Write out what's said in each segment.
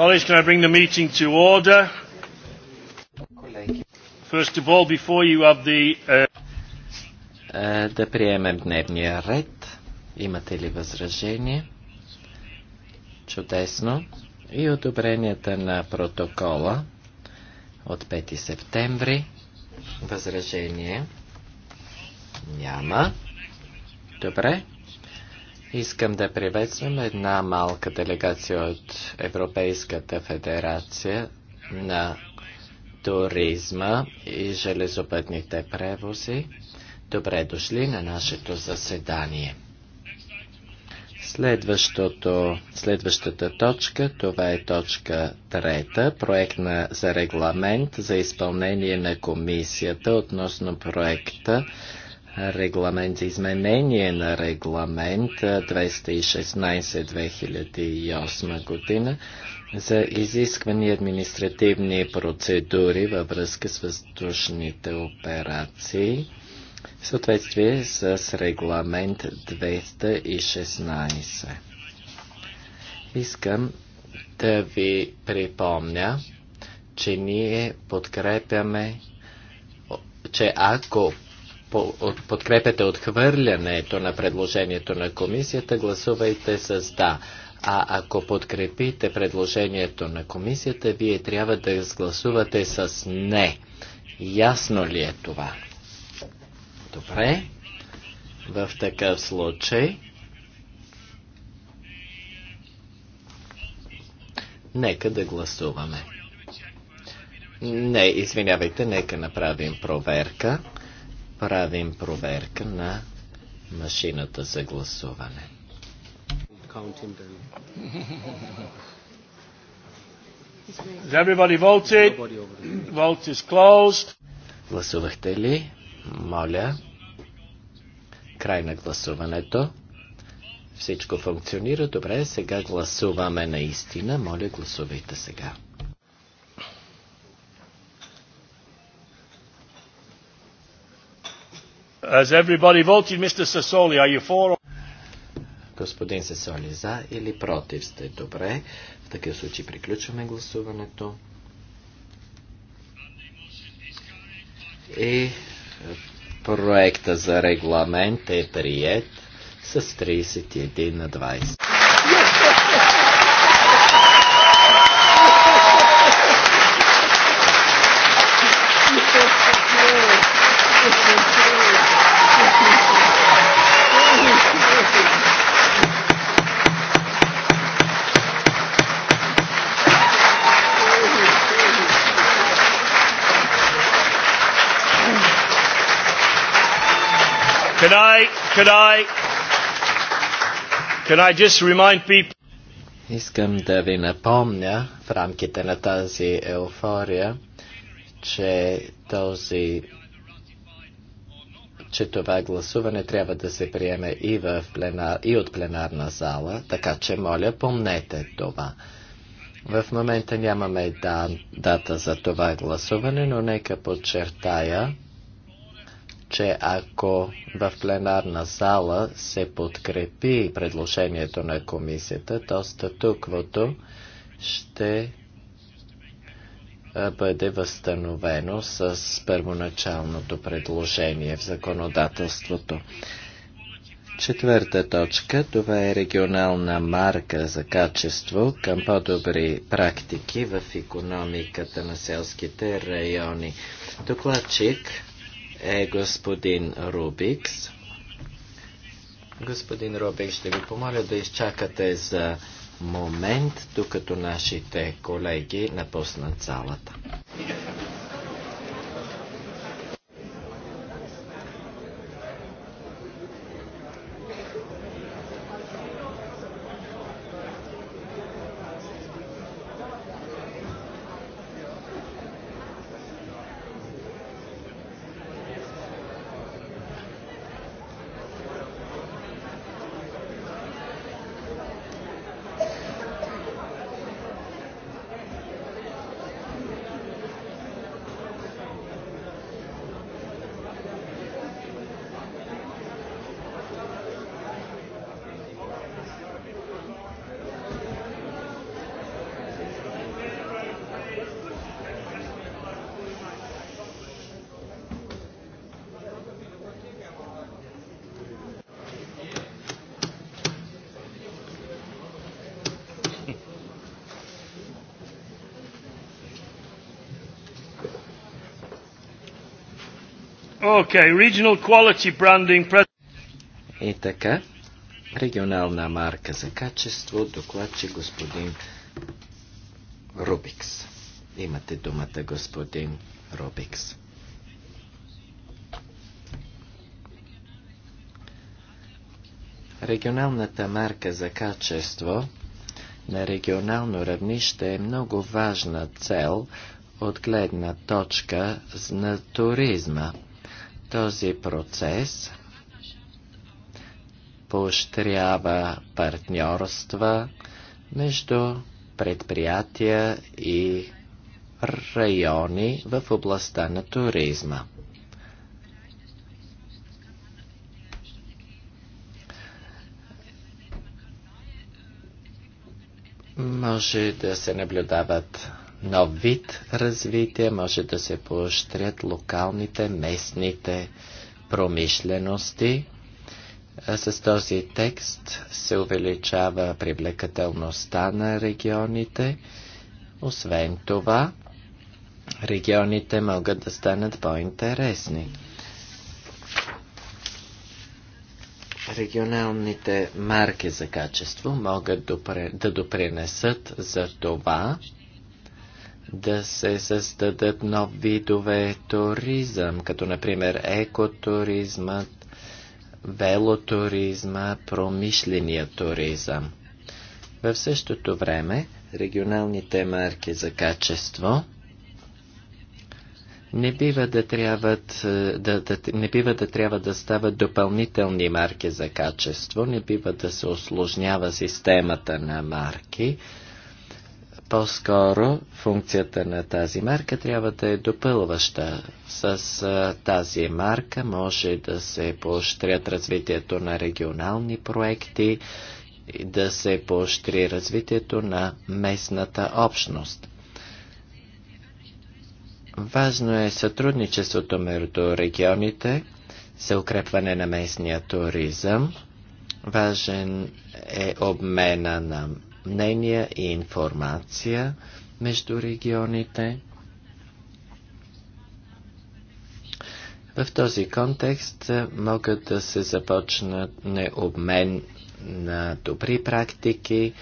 Colleagues, can I bring the meeting to order? First of all, before you have the... Uh, е, да приемем дневния ред. Имате ли възражение? Чудесно. И одобренията на протокола от 5 септември. Възражение няма. Добре. Добре. Искам да приветствам една малка делегация от Европейската федерация на туризма и железопътните превози. Добре дошли на нашето заседание. Следващото, следващата точка, това е точка трета, проект на, за регламент за изпълнение на комисията относно проекта регламент за изменение на регламент 216-2008 година за изисквани административни процедури във връзка с въздушните операции в съответствие с регламент 216. Искам да ви припомня, че ние подкрепяме, че ако подкрепяте отхвърлянето на предложението на комисията, гласувайте с да. А ако подкрепите предложението на комисията, вие трябва да гласувате с не. Ясно ли е това? Добре. В такъв случай. Нека да гласуваме. Не, извинявайте, нека направим проверка правим проверка на машината за гласуване. Гласувахте ли? Моля. Край на гласуването. Всичко функционира добре. Сега гласуваме наистина. Моля, гласувайте сега. Has everybody voted, Mr. Sassoli? Are you for? Господин Сесоли, за или против сте? Добре. В такъв случай приключваме гласуването. И е, проекта за регламент е прият с 31 на 20. Could I, could I just remind people... Искам да ви напомня в рамките на тази еуфория, че този че това гласуване трябва да се приеме и, в пленар, и от пленарна зала, така че моля помнете това. В момента нямаме дан, дата за това гласуване, но нека подчертая, че ако в пленарна зала се подкрепи предложението на комисията, то статуквото ще бъде възстановено с първоначалното предложение в законодателството. Четвърта точка, това е регионална марка за качество към по-добри практики в економиката на селските райони. Докладчик е господин Рубикс. Господин Рубикс, ще ви помоля да изчакате за момент, докато нашите колеги напуснат залата. Okay, regional quality branding. И така, регионална марка за качество, докладче господин Рубикс. Имате думата, господин Рубикс. Регионалната марка за качество на регионално равнище е много важна цел от гледна точка на туризма. Този процес поощрява партньорства между предприятия и райони в областта на туризма. Може да се наблюдават нов вид развитие, може да се поощрят локалните, местните промишлености. С този текст се увеличава привлекателността на регионите. Освен това, регионите могат да станат по-интересни. Регионалните марки за качество могат да допринесат за това, да се създадат нови видове туризъм, като например екотуризмът, велотуризма, промишления туризъм. В същото време регионалните марки за качество не бива да, трябват, е, да, да, не бива да трябва да стават допълнителни марки за качество, не бива да се осложнява системата на марки, по-скоро функцията на тази марка трябва да е допълваща. С тази марка може да се поощрят развитието на регионални проекти, да се поощри развитието на местната общност. Важно е сътрудничеството между регионите се укрепване на местния туризъм. Важен е обмена на мнения и информация между регионите. В този контекст могат да се започнат не обмен на добри практики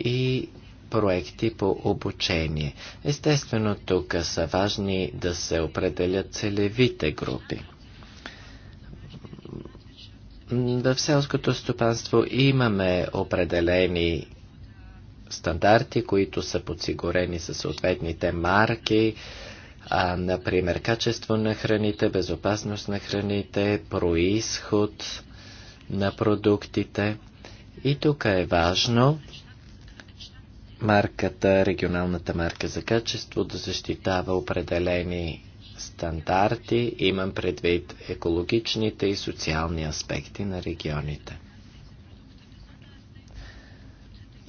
и проекти по обучение. Естествено, тук са важни да се определят целевите групи. В селското стопанство имаме определени стандарти, които са подсигурени със съответните марки, а, например качество на храните, безопасност на храните, происход на продуктите. И тук е важно марката, регионалната марка за качество да защитава определени стандарти, имам предвид екологичните и социални аспекти на регионите.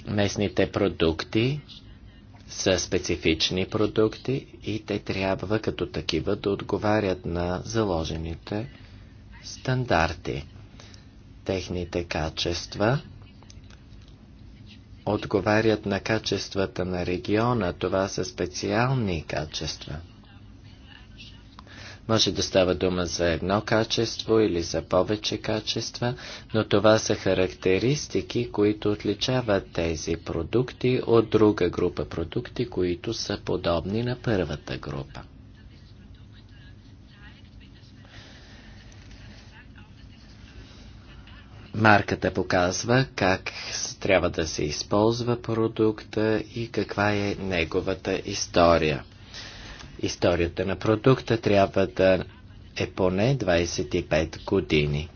Местните продукти са специфични продукти и те трябва като такива да отговарят на заложените стандарти. Техните качества отговарят на качествата на региона. Това са специални качества. Може да става дума за едно качество или за повече качества, но това са характеристики, които отличават тези продукти от друга група продукти, които са подобни на първата група. Марката показва как трябва да се използва продукта и каква е неговата история историята на продукта трябва да е поне 25 години.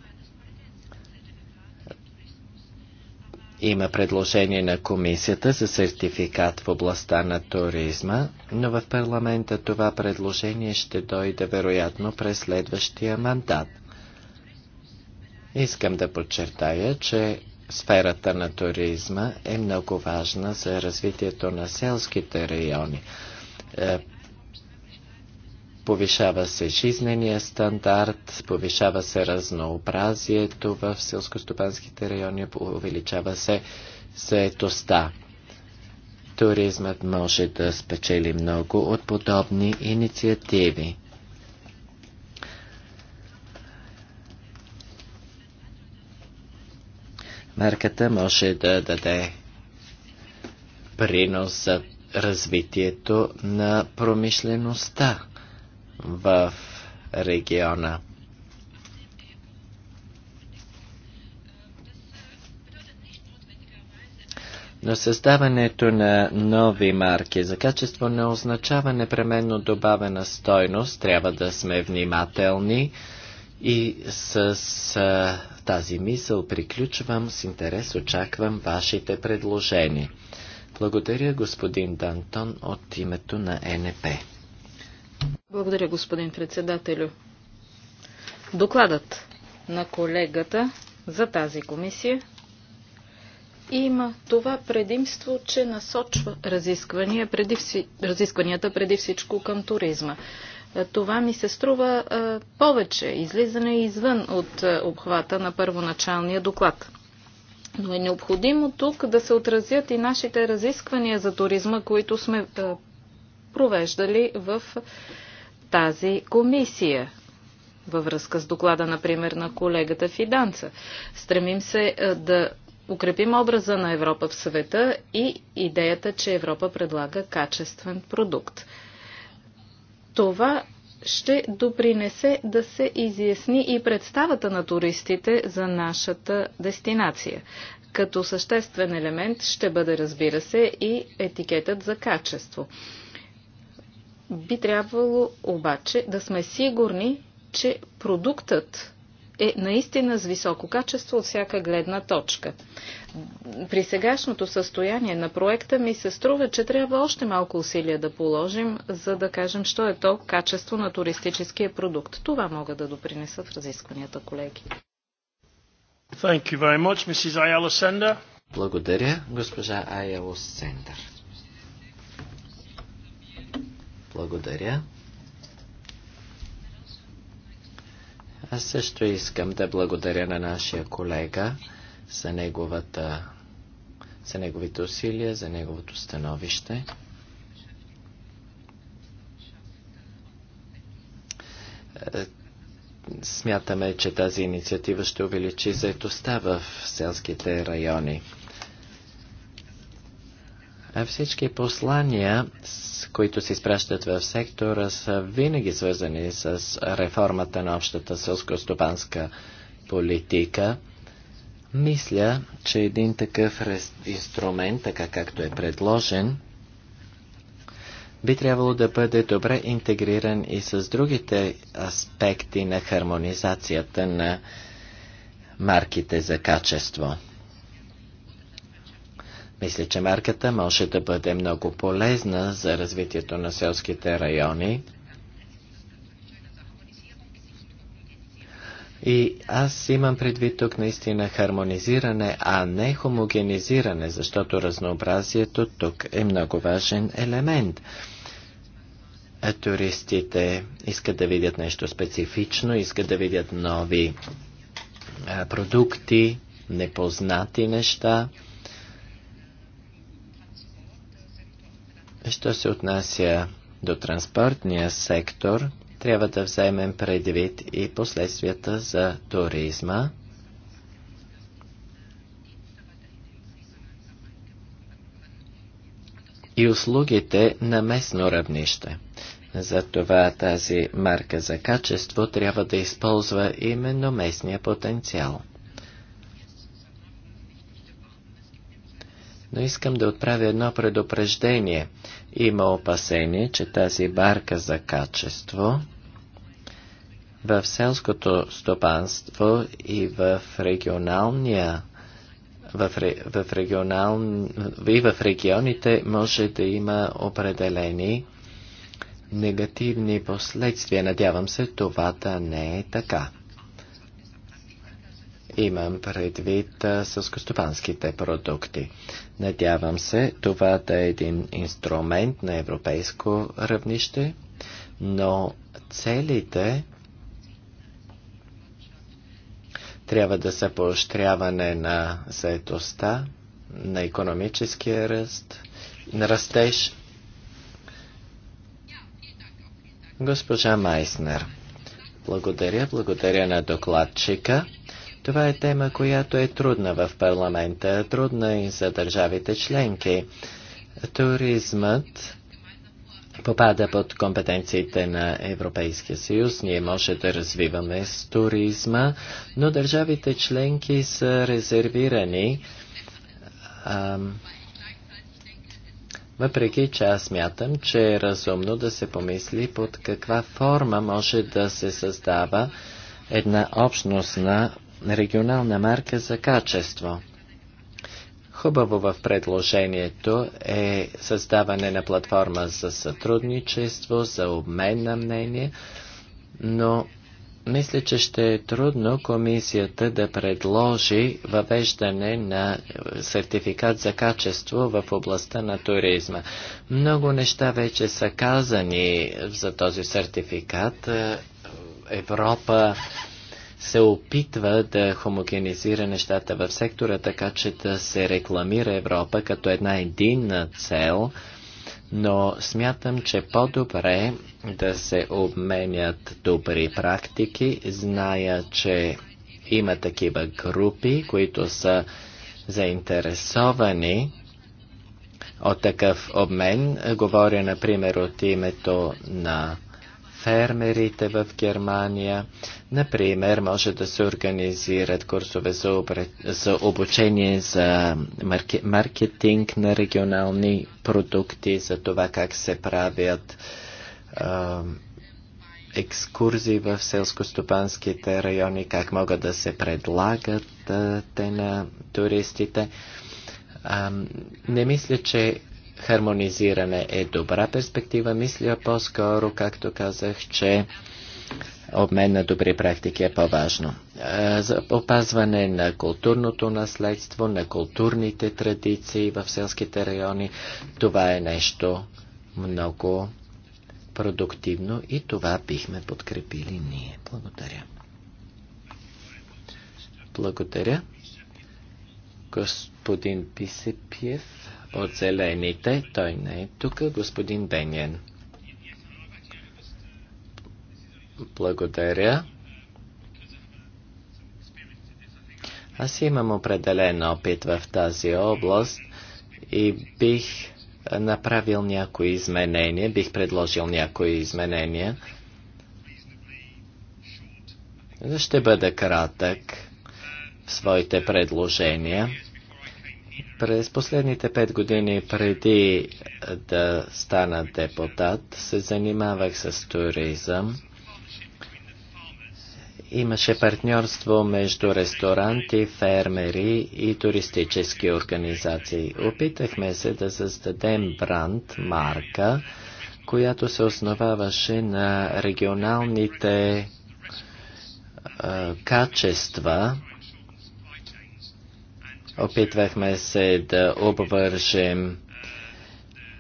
Има предложение на комисията за сертификат в областта на туризма, но в парламента това предложение ще дойде вероятно през следващия мандат. Искам да подчертая, че сферата на туризма е много важна за развитието на селските райони. Е, повишава се жизнения стандарт, повишава се разнообразието в селскостопанските райони, увеличава се заетостта. Туризмът може да спечели много от подобни инициативи. Марката може да даде принос за развитието на промишлеността в региона. Но създаването на нови марки за качество не означава непременно добавена стойност. Трябва да сме внимателни и с а, тази мисъл приключвам. С интерес очаквам вашите предложения. Благодаря господин Дантон от името на НП. Благодаря, господин председателю. Докладът на колегата за тази комисия има това предимство, че насочва разисквания преди, разискванията преди всичко към туризма. Е, това ми се струва е, повече излизане извън от е, обхвата на първоначалния доклад. Но е необходимо тук да се отразят и нашите разисквания за туризма, които сме провеждали в тази комисия във връзка с доклада, например, на колегата Фиданца. Стремим се е, да укрепим образа на Европа в света и идеята, че Европа предлага качествен продукт. Това ще допринесе да се изясни и представата на туристите за нашата дестинация. Като съществен елемент ще бъде, разбира се, и етикетът за качество. Би трябвало обаче да сме сигурни, че продуктът е наистина с високо качество от всяка гледна точка. При сегашното състояние на проекта ми се струва, че трябва още малко усилия да положим, за да кажем, що е то качество на туристическия продукт. Това мога да допринеса в разискванията, колеги. Thank you very much, Mrs. Благодаря, госпожа Айало Сендър. Благодаря. Аз също искам да благодаря на нашия колега за, неговата, за неговите усилия, за неговото становище. Смятаме, че тази инициатива ще увеличи заетостта в селските райони. А всички послания които се изпращат в сектора, са винаги свързани с реформата на общата сълско-стопанска политика. Мисля, че един такъв инструмент, така както е предложен, би трябвало да бъде добре интегриран и с другите аспекти на хармонизацията на марките за качество. Мисля, че марката може да бъде много полезна за развитието на селските райони. И аз имам предвид тук наистина хармонизиране, а не хомогенизиране, защото разнообразието тук е много важен елемент. А туристите искат да видят нещо специфично, искат да видят нови а, продукти, непознати неща. Що се отнася до транспортния сектор, трябва да вземем предвид и последствията за туризма. и услугите на местно равнище. Затова тази марка за качество трябва да използва именно местния потенциал. но искам да отправя едно предупреждение. Има опасение, че тази барка за качество в селското стопанство и в регионалния в, в регионал, и в регионите може да има определени негативни последствия. Надявам се това да не е така. Имам предвид сълскостопанските продукти. Надявам се това да е един инструмент на европейско равнище, но целите трябва да са поощряване на заетостта, на економическия ръст, на растеж. Госпожа Майснер, благодаря, благодаря на докладчика. Това е тема, която е трудна в парламента, трудна и за държавите членки. Туризмът попада под компетенциите на Европейския съюз. Ние може да развиваме с туризма, но държавите членки са резервирани. Ам, въпреки, че аз мятам, че е разумно да се помисли под каква форма може да се създава една общностна регионална марка за качество. Хубаво в предложението е създаване на платформа за сътрудничество, за обмен на мнение, но мисля, че ще е трудно комисията да предложи въвеждане на сертификат за качество в областта на туризма. Много неща вече са казани за този сертификат. Европа се опитва да хомогенизира нещата в сектора, така че да се рекламира Европа като една единна цел, но смятам, че по-добре да се обменят добри практики. Зная, че има такива групи, които са заинтересовани от такъв обмен. Говоря, например, от името на фермерите в Германия. Например, може да се организират курсове за, обре... за обучение за марке... маркетинг на регионални продукти, за това как се правят а, екскурзии в селско-стопанските райони, как могат да се предлагат а, те на туристите. А, не мисля, че хармонизиране е добра перспектива. Мисля по-скоро, както казах, че обмен на добри практики е по-важно. Е, за опазване на културното наследство, на културните традиции в селските райони, това е нещо много продуктивно и това бихме подкрепили ние. Благодаря. Благодаря. Господин Писепиев от зелените. Той не е тук. Господин Бенен. Благодаря. Аз имам определен опит в тази област и бих направил някои изменения, бих предложил някои изменения. Ще бъда кратък в своите предложения. През последните пет години преди да стана депутат се занимавах с туризъм. Имаше партньорство между ресторанти, фермери и туристически организации. Опитахме се да създадем бранд, марка, която се основаваше на регионалните качества Опитвахме се да обвържем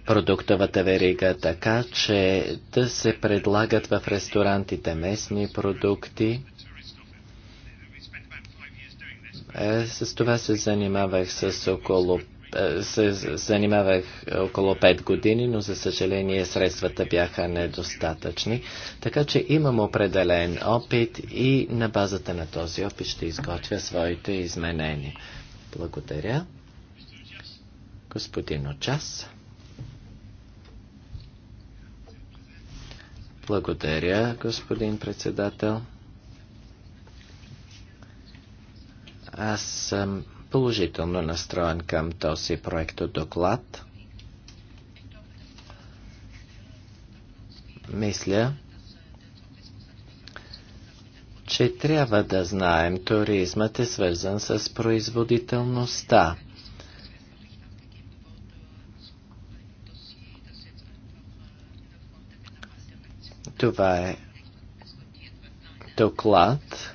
продуктовата верига така, че да се предлагат в ресторантите местни продукти. Е, с това се занимавах с около е, се занимавах около 5 години, но за съжаление средствата бяха недостатъчни. Така че имам определен опит и на базата на този опит ще изготвя своите изменения. Благодаря. Господин Очас. Благодаря, господин председател. Аз съм положително настроен към този проект доклад. Мисля, че трябва да знаем, туризмът е свързан с производителността. Това е доклад,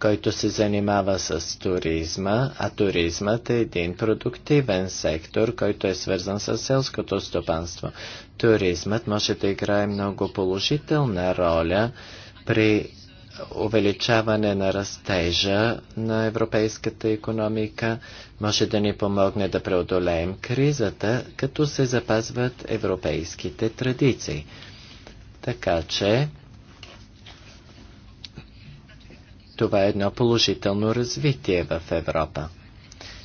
който се занимава с туризма, а туризмът е един продуктивен сектор, който е свързан с селското стопанство. Туризмът може да играе много положителна роля при увеличаване на растежа на европейската економика може да ни помогне да преодолеем кризата, като се запазват европейските традиции. Така че това е едно положително развитие в Европа.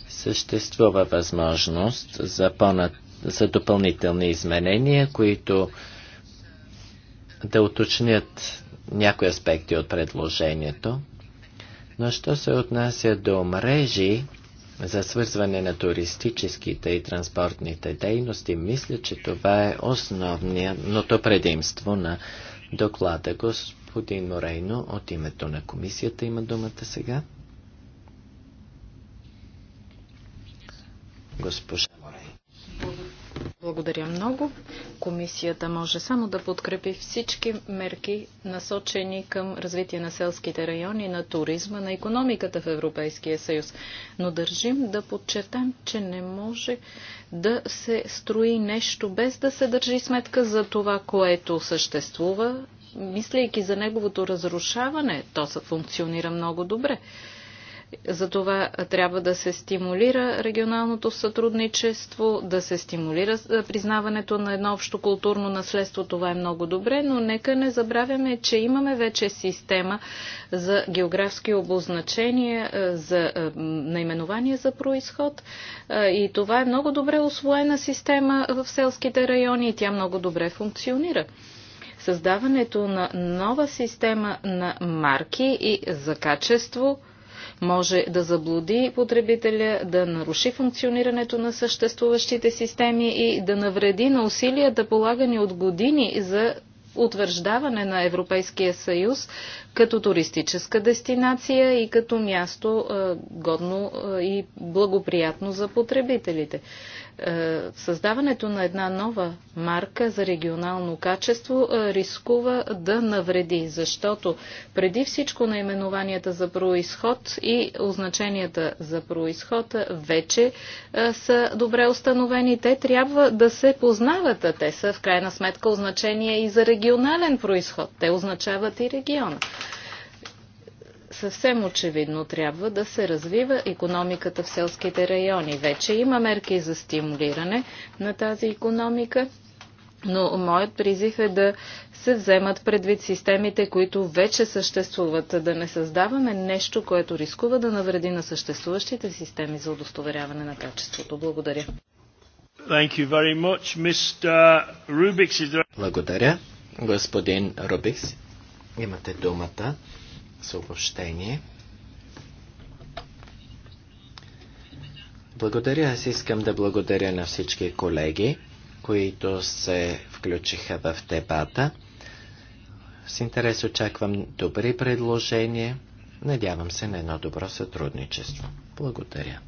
Съществува възможност за, понад... за допълнителни изменения, които да уточнят някои аспекти от предложението, но що се отнася до мрежи за свързване на туристическите и транспортните дейности, мисля, че това е основното предимство на доклада. Господин Морейно от името на комисията има думата сега. Госпожа благодаря много. Комисията може само да подкрепи всички мерки, насочени към развитие на селските райони, на туризма, на економиката в Европейския съюз. Но държим да подчертаем, че не може да се строи нещо без да се държи сметка за това, което съществува, мислейки за неговото разрушаване. То се функционира много добре. Затова трябва да се стимулира регионалното сътрудничество, да се стимулира признаването на едно общо културно наследство. Това е много добре, но нека не забравяме, че имаме вече система за географски обозначения, за наименование за происход. И това е много добре освоена система в селските райони и тя много добре функционира създаването на нова система на марки и за качество може да заблуди потребителя, да наруши функционирането на съществуващите системи и да навреди на усилията полагани от години за утвърждаване на Европейския съюз като туристическа дестинация и като място годно и благоприятно за потребителите. Е, създаването на една нова марка за регионално качество е, рискува да навреди, защото преди всичко наименованията за происход и означенията за происход вече е, са добре установени. Те трябва да се познават, а те са в крайна сметка означения и за регионален происход. Те означават и региона съвсем очевидно трябва да се развива економиката в селските райони. Вече има мерки за стимулиране на тази економика, но моят призив е да се вземат предвид системите, които вече съществуват, да не създаваме нещо, което рискува да навреди на съществуващите системи за удостоверяване на качеството. Благодаря. Благодаря. Господин Рубикс, имате думата съобщение. Благодаря. Аз искам да благодаря на всички колеги, които се включиха в дебата. С интерес очаквам добри предложения. Надявам се на едно добро сътрудничество. Благодаря.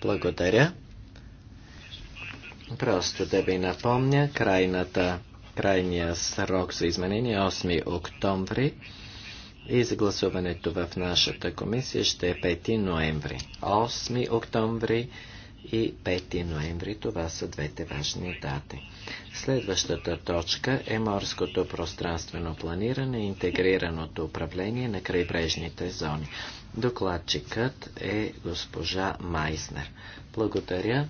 Благодаря. Просто да ви напомня крайната крайния срок за изменение 8 е октомври и за гласуването в нашата комисия ще е 5 ноември. 8 октомври и 5 ноември. Това са двете важни дати. Следващата точка е морското пространствено планиране и интегрираното управление на крайбрежните зони. Докладчикът е госпожа Майснер. Благодаря,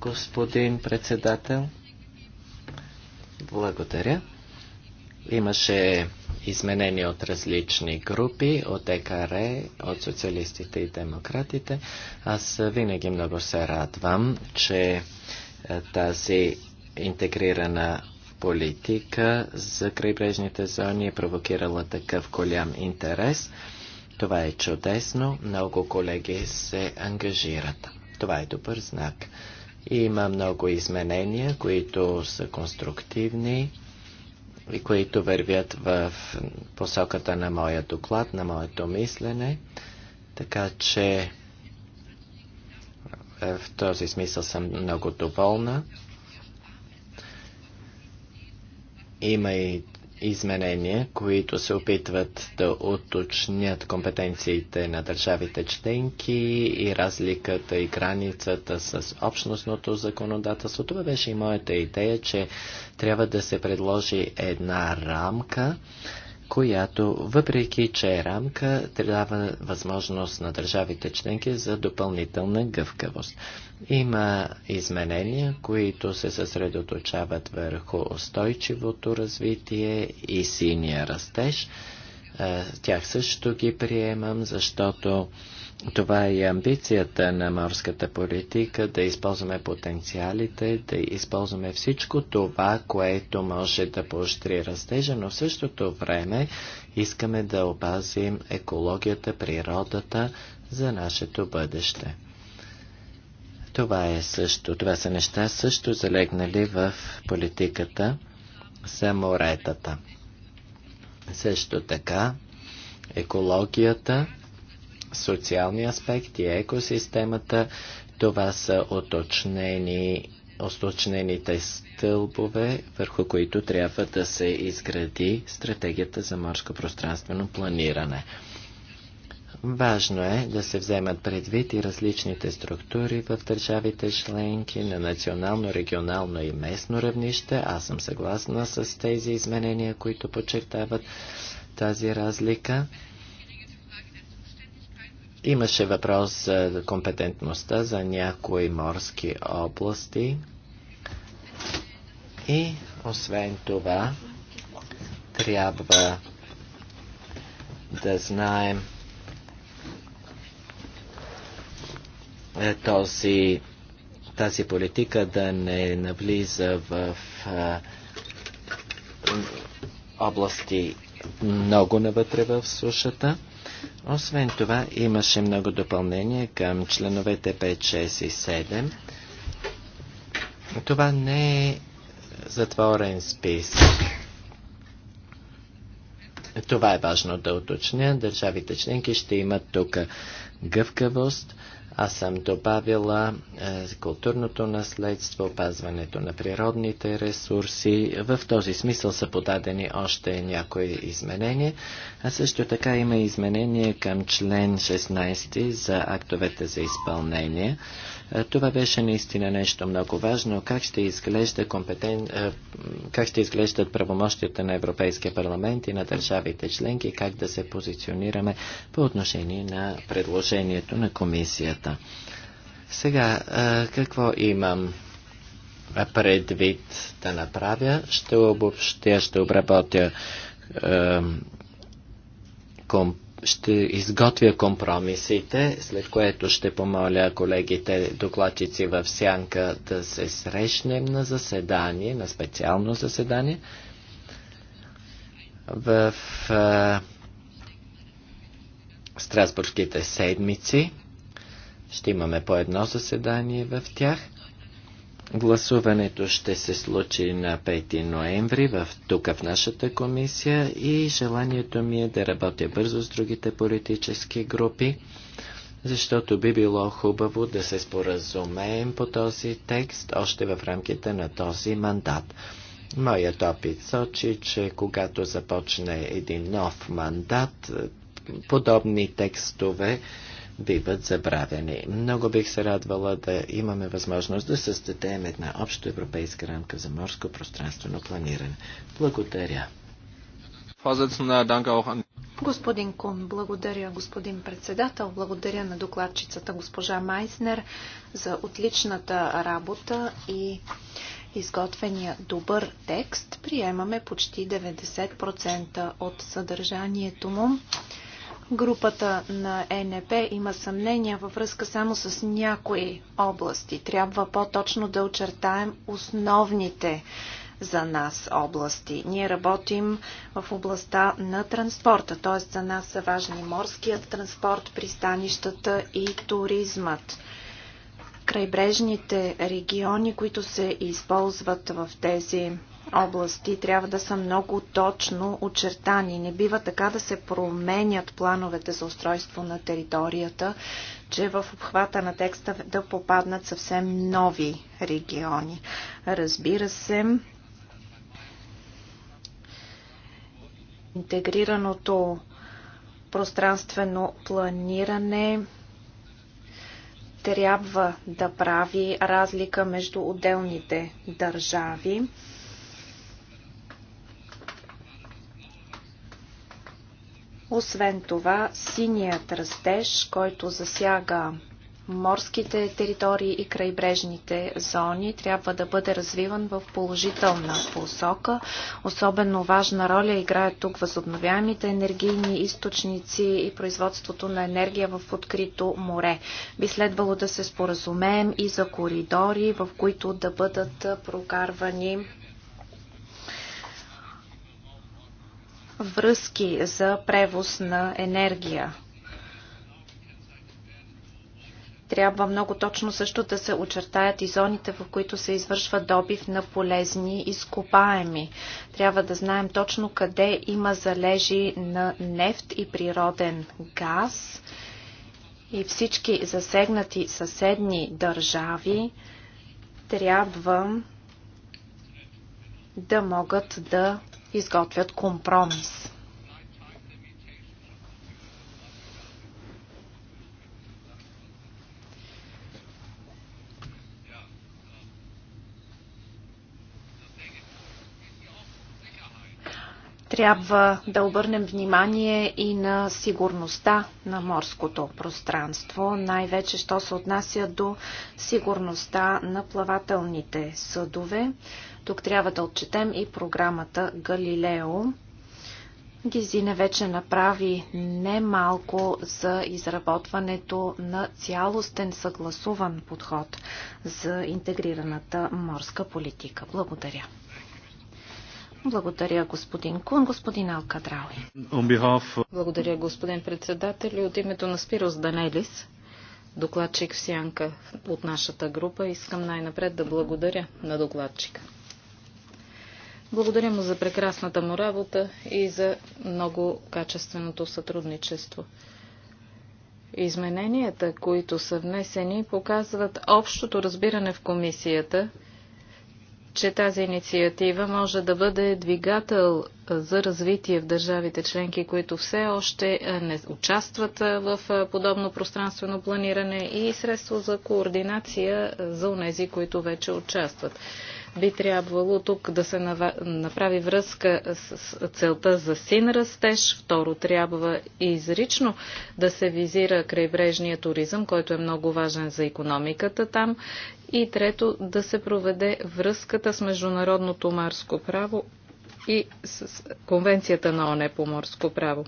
господин председател. Благодаря. Имаше изменения от различни групи, от ЕКР, от социалистите и демократите. Аз винаги много се радвам, че е, тази интегрирана политика за крайбрежните зони е провокирала такъв голям интерес. Това е чудесно, много колеги се ангажират. Това е добър знак. Има много изменения, които са конструктивни и които вървят в посоката на моя доклад, на моето мислене. Така че е, в този смисъл съм много доволна. Има и изменения, които се опитват да уточнят компетенциите на държавите членки и разликата и границата с общностното законодателство. Това беше и моята идея, че трябва да се предложи една рамка, която, въпреки че е рамка, дава възможност на държавите членки за допълнителна гъвкавост. Има изменения, които се съсредоточават върху устойчивото развитие и синия растеж. Е, тях също ги приемам, защото това е и амбицията на морската политика да използваме потенциалите, да използваме всичко това, което може да поощри растежа, но в същото време искаме да опазим екологията, природата за нашето бъдеще. Това е също. Това са неща също залегнали в политиката за моретата. Също така екологията Социални аспект и екосистемата. Това са оточнени осточнените стълбове, върху които трябва да се изгради стратегията за морско пространствено планиране. Важно е да се вземат предвид и различните структури в държавите членки на национално, регионално и местно равнище. Аз съм съгласна с тези изменения, които подчертават тази разлика. Имаше въпрос за компетентността за някои морски области. И освен това, трябва да знаем е, този, тази политика да не навлиза в области много навътре в сушата. Освен това, имаше много допълнение към членовете 5, 6 и 7. Това не е затворен списък. Това е важно да уточня. Държавите членки ще имат тук гъвкавост. Аз съм добавила е, културното наследство, опазването на природните ресурси. В този смисъл са подадени още някои изменения. А също така има изменения към член 16 за актовете за изпълнение. Е, това беше наистина нещо много важно. Как ще, изглежда компетен... Е, как ще изглеждат правомощията на Европейския парламент и на държавите членки, как да се позиционираме по отношение на предложението на комисията нещата. Сега, какво имам предвид да направя? Ще обобщя, ще обработя, ще изготвя компромисите, след което ще помоля колегите докладчици в Сянка да се срещнем на заседание, на специално заседание. В Страсбургските седмици. Ще имаме по едно заседание в тях. Гласуването ще се случи на 5 ноември в, тук в нашата комисия и желанието ми е да работя бързо с другите политически групи, защото би било хубаво да се споразумеем по този текст още в рамките на този мандат. Моят опит сочи, че когато започне един нов мандат, подобни текстове биват забравени. Много бих се радвала да имаме възможност да създадем една общо европейска рамка за морско пространствено планиране. Благодаря. Господин Кун, благодаря господин председател, благодаря на докладчицата госпожа Майснер за отличната работа и изготвения добър текст. Приемаме почти 90% от съдържанието му. Групата на ЕНП има съмнения във връзка само с някои области. Трябва по-точно да очертаем основните за нас области. Ние работим в областта на транспорта, т.е. за нас са важни морският транспорт, пристанищата и туризмът. Крайбрежните региони, които се използват в тези области трябва да са много точно очертани. Не бива така да се променят плановете за устройство на територията, че в обхвата на текста да попаднат съвсем нови региони. Разбира се, интегрираното пространствено планиране трябва да прави разлика между отделните държави. Освен това, синият растеж, който засяга морските територии и крайбрежните зони трябва да бъде развиван в положителна посока. Особено важна роля играят тук възобновяемите енергийни източници и производството на енергия в открито море. Би следвало да се споразумеем и за коридори, в които да бъдат прокарвани връзки за превоз на енергия. Трябва много точно също да се очертаят и зоните, в които се извършва добив на полезни изкопаеми. Трябва да знаем точно къде има залежи на нефт и природен газ и всички засегнати съседни държави трябва да могат да изготвят компромис. Трябва да обърнем внимание и на сигурността на морското пространство, най-вече що се отнася до сигурността на плавателните съдове. Тук трябва да отчетем и програмата Галилео. Гизина вече направи немалко за изработването на цялостен съгласуван подход за интегрираната морска политика. Благодаря. Благодаря, господин Кун. Господин Алкадрауи. Of... Благодаря, господин председател. И от името на Спирос Данелис, докладчик в Сянка от нашата група, искам най-напред да благодаря на докладчика. Благодаря му за прекрасната му работа и за много качественото сътрудничество. Измененията, които са внесени, показват общото разбиране в комисията – че тази инициатива може да бъде двигател за развитие в държавите членки, които все още не участват в подобно пространствено планиране и средство за координация за унези, които вече участват. Би трябвало тук да се направи връзка с целта за син растеж. Второ, трябва изрично да се визира крайбрежния туризъм, който е много важен за економиката там. И трето, да се проведе връзката с международното морско право и с Конвенцията на ОНЕ по морско право.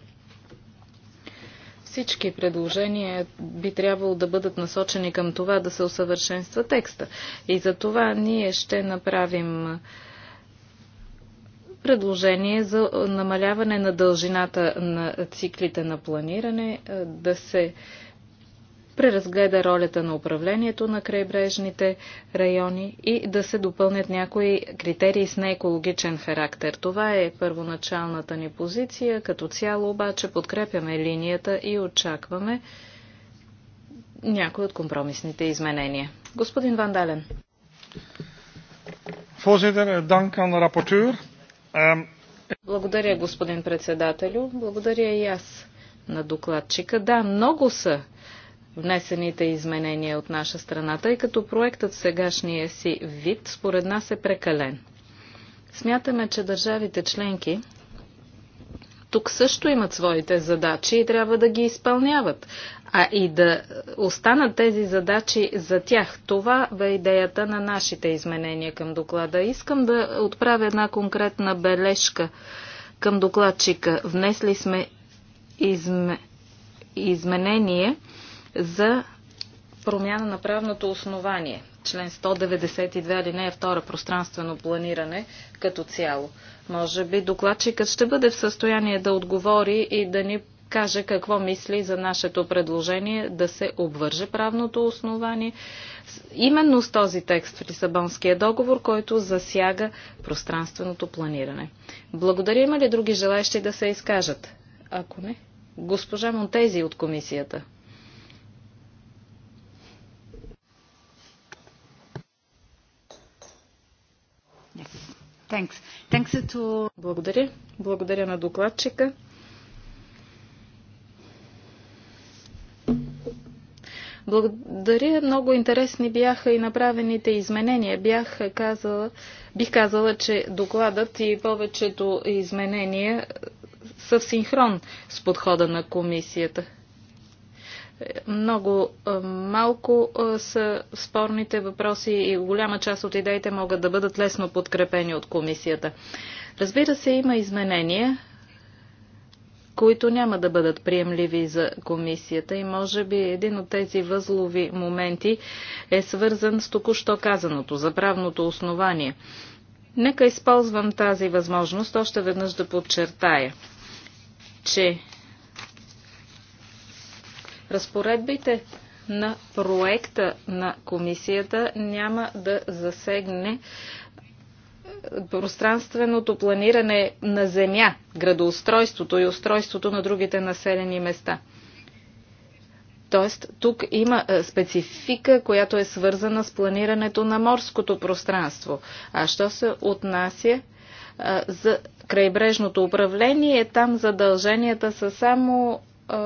Всички предложения би трябвало да бъдат насочени към това да се усъвършенства текста. И за това ние ще направим предложение за намаляване на дължината на циклите на планиране, да се преразгледа ролята на управлението на крайбрежните райони и да се допълнят някои критерии с неекологичен характер. Това е първоначалната ни позиция. Като цяло обаче подкрепяме линията и очакваме някои от компромисните изменения. Господин Вандален. Voorzitter, dank aan de rapporteur. Ehm, Благодаря, господин председателю. Благодаря и аз на докладчика. Да, много са внесените изменения от наша страна, тъй като проектът в сегашния си вид според нас е прекален. Смятаме, че държавите членки тук също имат своите задачи и трябва да ги изпълняват, а и да останат тези задачи за тях. Това бе идеята на нашите изменения към доклада. Искам да отправя една конкретна бележка към докладчика. Внесли сме изме... изменение за промяна на правното основание. Член 192 алинея 2 пространствено планиране като цяло. Може би докладчикът ще бъде в състояние да отговори и да ни каже какво мисли за нашето предложение да се обвърже правното основание именно с този текст в Лисабонския договор, който засяга пространственото планиране. Благодаря има ли други желаящи да се изкажат? Ако не, госпожа Монтези от комисията. Thanks. Thanks to... Благодаря. Благодаря на докладчика. Благодаря. Много интересни бяха и направените изменения. Бях казала, бих казала, че докладът и повечето изменения са в синхрон с подхода на комисията. Много е, малко е, са спорните въпроси и голяма част от идеите могат да бъдат лесно подкрепени от комисията. Разбира се, има изменения, които няма да бъдат приемливи за комисията и може би един от тези възлови моменти е свързан с току-що казаното за правното основание. Нека използвам тази възможност още веднъж да подчертая, че Разпоредбите на проекта на комисията няма да засегне пространственото планиране на земя, градоустройството и устройството на другите населени места. Тоест, тук има е, специфика, която е свързана с планирането на морското пространство. А що се отнася е, за крайбрежното управление, там задълженията са само е,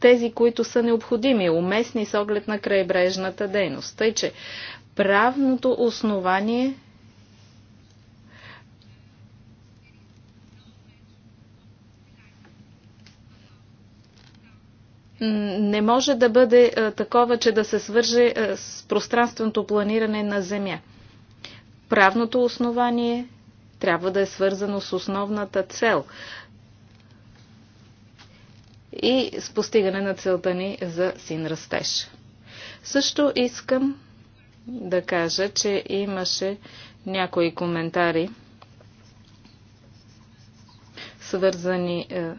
тези, които са необходими, уместни с оглед на крайбрежната дейност. Тъй, че правното основание не може да бъде такова, че да се свърже с пространственото планиране на Земя. Правното основание трябва да е свързано с основната цел и с постигане на целта ни за син растеж. Също искам да кажа, че имаше някои коментари, свързани е,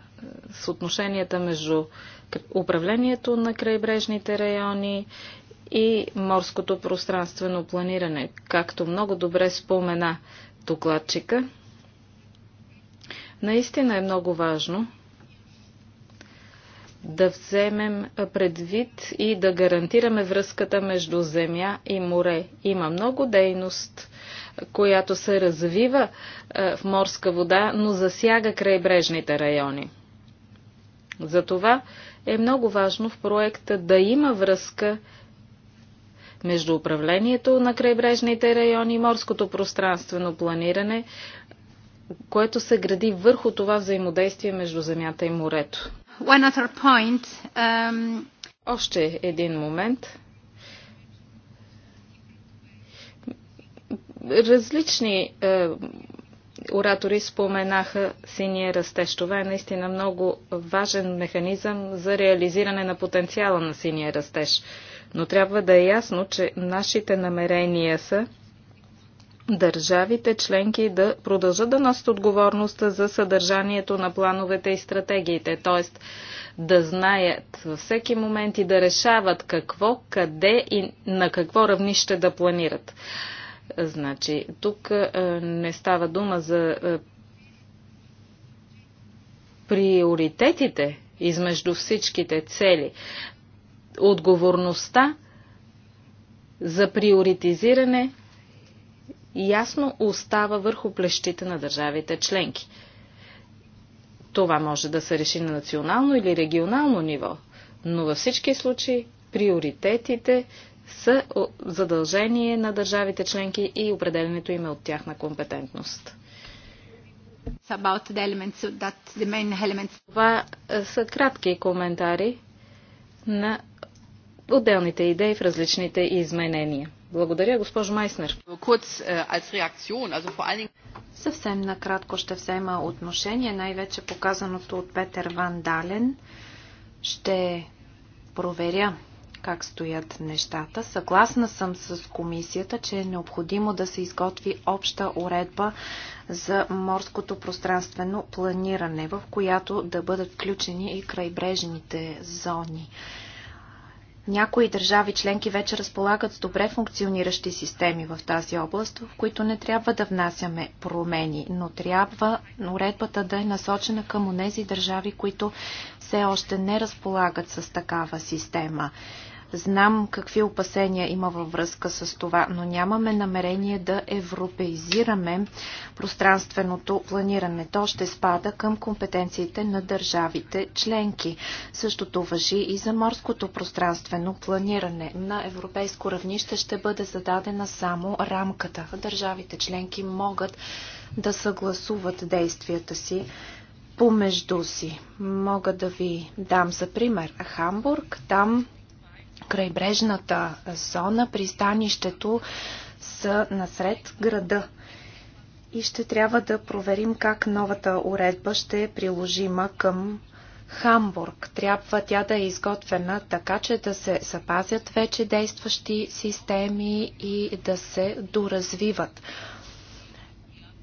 с отношенията между управлението на крайбрежните райони и морското пространствено планиране. Както много добре спомена докладчика, наистина е много важно да вземем предвид и да гарантираме връзката между земя и море. Има много дейност, която се развива е, в морска вода, но засяга крайбрежните райони. Затова е много важно в проекта да има връзка между управлението на крайбрежните райони и морското пространствено планиране, което се гради върху това взаимодействие между земята и морето. One other point. Um... Още един момент. Различни е, оратори споменаха синия растеж. Това е наистина много важен механизъм за реализиране на потенциала на синия растеж. Но трябва да е ясно, че нашите намерения са държавите членки да продължат да носят отговорността за съдържанието на плановете и стратегиите, т.е. да знаят във всеки момент и да решават какво, къде и на какво равнище да планират. Значи, тук е, не става дума за е, приоритетите измежду всичките цели. Отговорността за приоритизиране ясно остава върху плещите на държавите членки. Това може да се реши на национално или регионално ниво, но във всички случаи приоритетите са задължение на държавите членки и определенето им е от тяхна компетентност. Това е, са кратки коментари на отделните идеи в различните изменения. Благодаря, госпожо Майснер. Äh, Съвсем накратко ще взема отношение, най-вече показаното от Петър Ван Дален. Ще проверя как стоят нещата. Съгласна съм с комисията, че е необходимо да се изготви обща уредба за морското пространствено планиране, в която да бъдат включени и крайбрежните зони. Някои държави членки вече разполагат с добре функциониращи системи в тази област, в които не трябва да внасяме промени, но трябва уредбата да е насочена към онези държави, които все още не разполагат с такава система. Знам какви опасения има във връзка с това, но нямаме намерение да европеизираме пространственото планиране. То ще спада към компетенциите на държавите членки. Същото въжи и за морското пространствено планиране. На европейско равнище ще бъде зададена само рамката. Държавите членки могат да съгласуват действията си помежду си. Мога да ви дам за пример Хамбург. Там крайбрежната зона, пристанището са насред града. И ще трябва да проверим как новата уредба ще е приложима към Хамбург. Трябва тя да е изготвена така, че да се запазят вече действащи системи и да се доразвиват.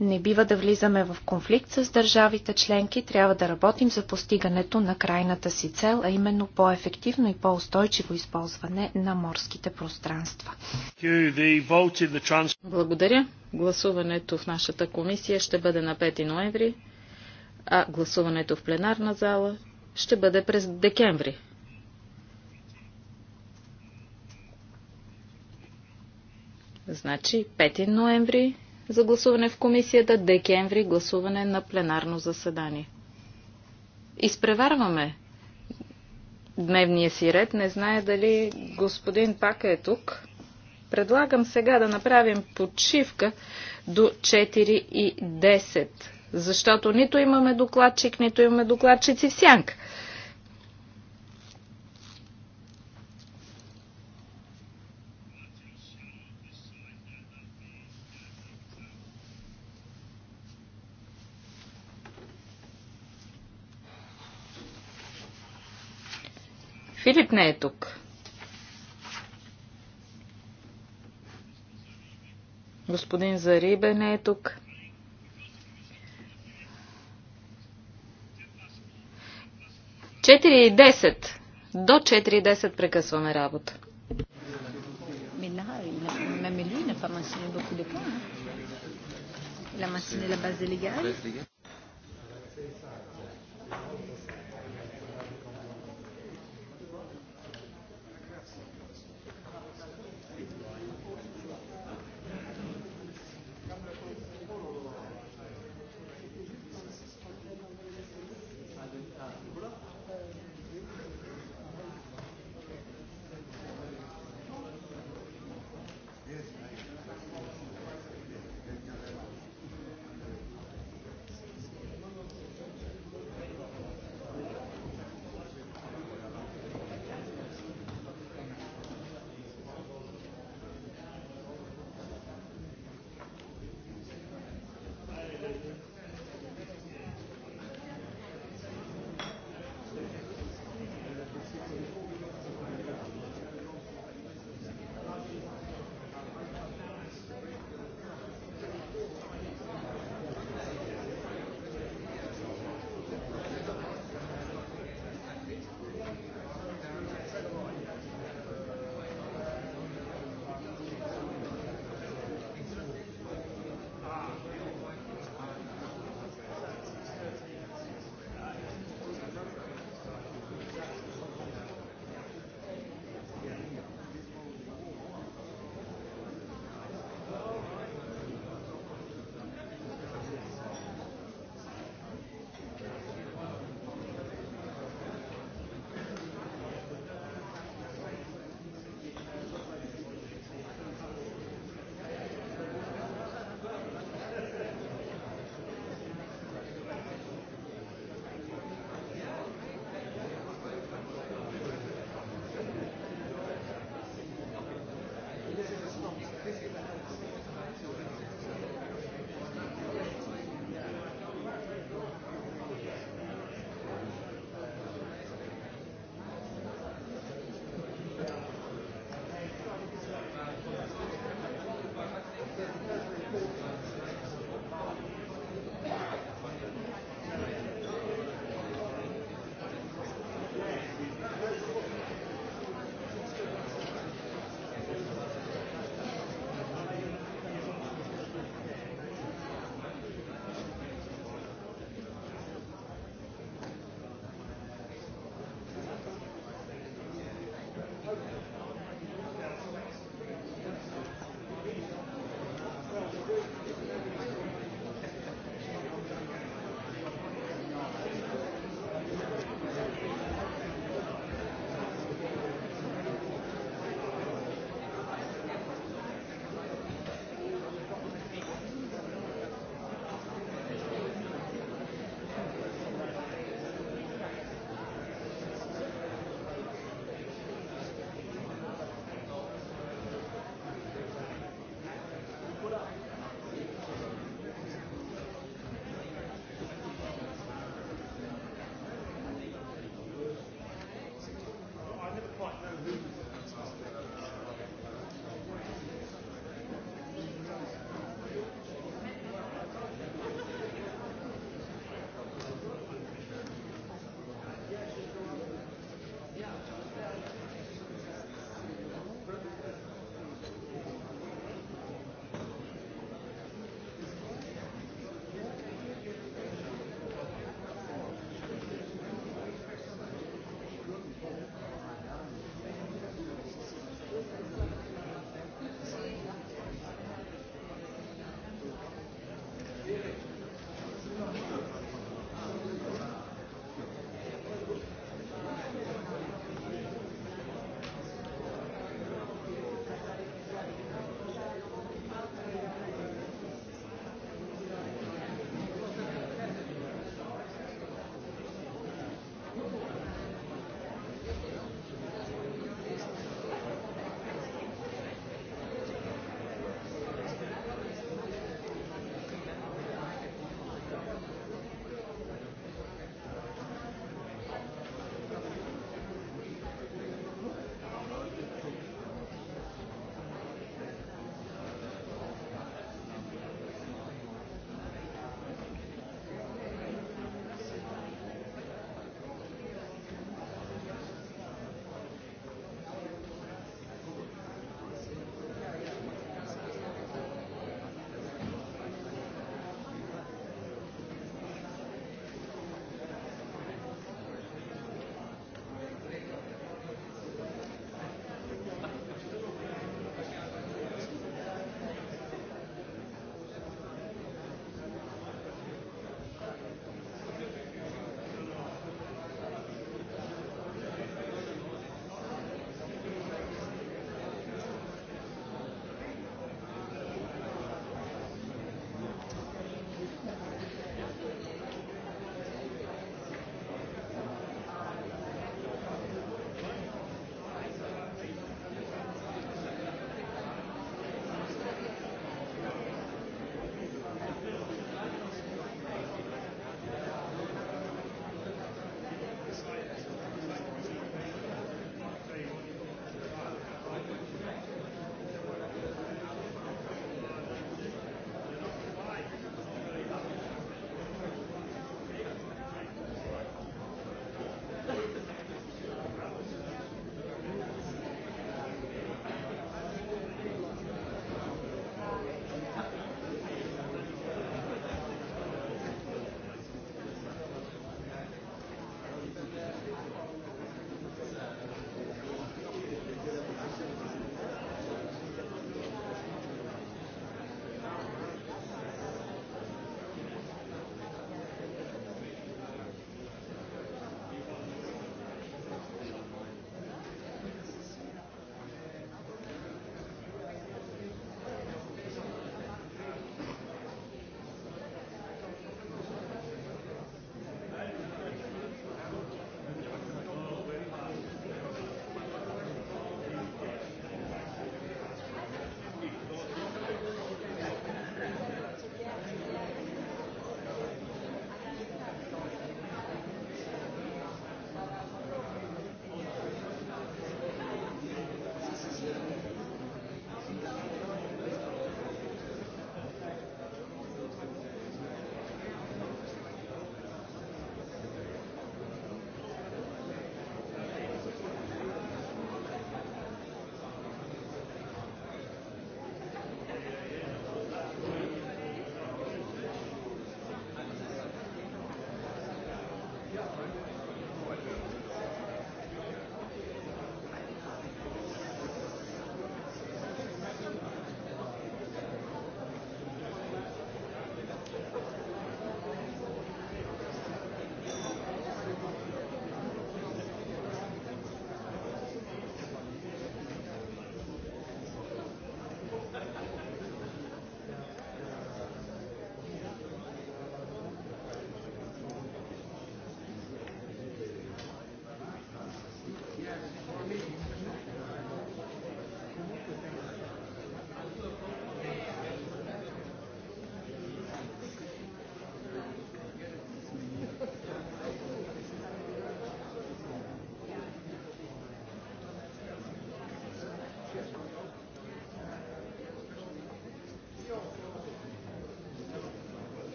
Не бива да влизаме в конфликт с държавите членки, трябва да работим за постигането на крайната си цел, а именно по-ефективно и по-устойчиво използване на морските пространства. Благодаря. Гласуването в нашата комисия ще бъде на 5 ноември, а гласуването в пленарна зала ще бъде през декември. Значи 5 ноември за гласуване в комисията, декември гласуване на пленарно заседание. Изпреварваме дневния си ред. Не знае дали господин пак е тук. Предлагам сега да направим почивка до 4 и 10, защото нито имаме докладчик, нито имаме докладчици в сянка. Филип не е тук. Господин Зарибе не е тук. Четири и десет. До 4.10 прекъсваме работа. Même lui n'a la base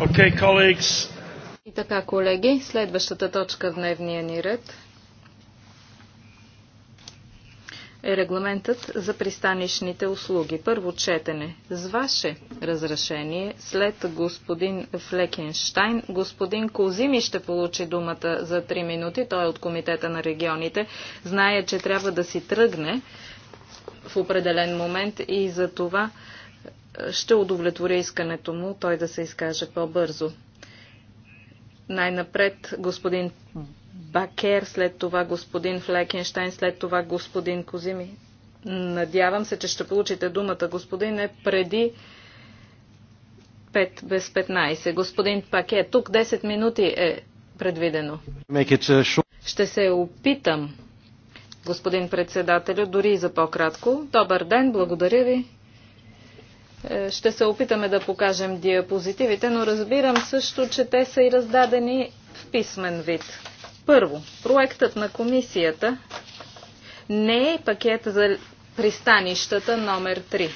Okay, colleagues. И така, колеги, следващата точка в дневния ни ред е регламентът за пристанищните услуги. Първо четене. С ваше разрешение, след господин Флекенштайн, господин Козими ще получи думата за 3 минути. Той е от Комитета на регионите. Знае, че трябва да си тръгне в определен момент и за това ще удовлетворя искането му той да се изкаже по-бързо. Най-напред господин Бакер, след това господин Флекенштайн, след това господин Козими. Надявам се, че ще получите думата, господине, преди 5 без 15. Господин Паке, тук 10 минути е предвидено. Uh, ще се опитам, господин председателю, дори и за по-кратко. Добър ден, благодаря ви. Е, ще се опитаме да покажем диапозитивите, но разбирам също, че те са и раздадени в писмен вид. Първо, проектът на комисията не е пакет за пристанищата номер 3.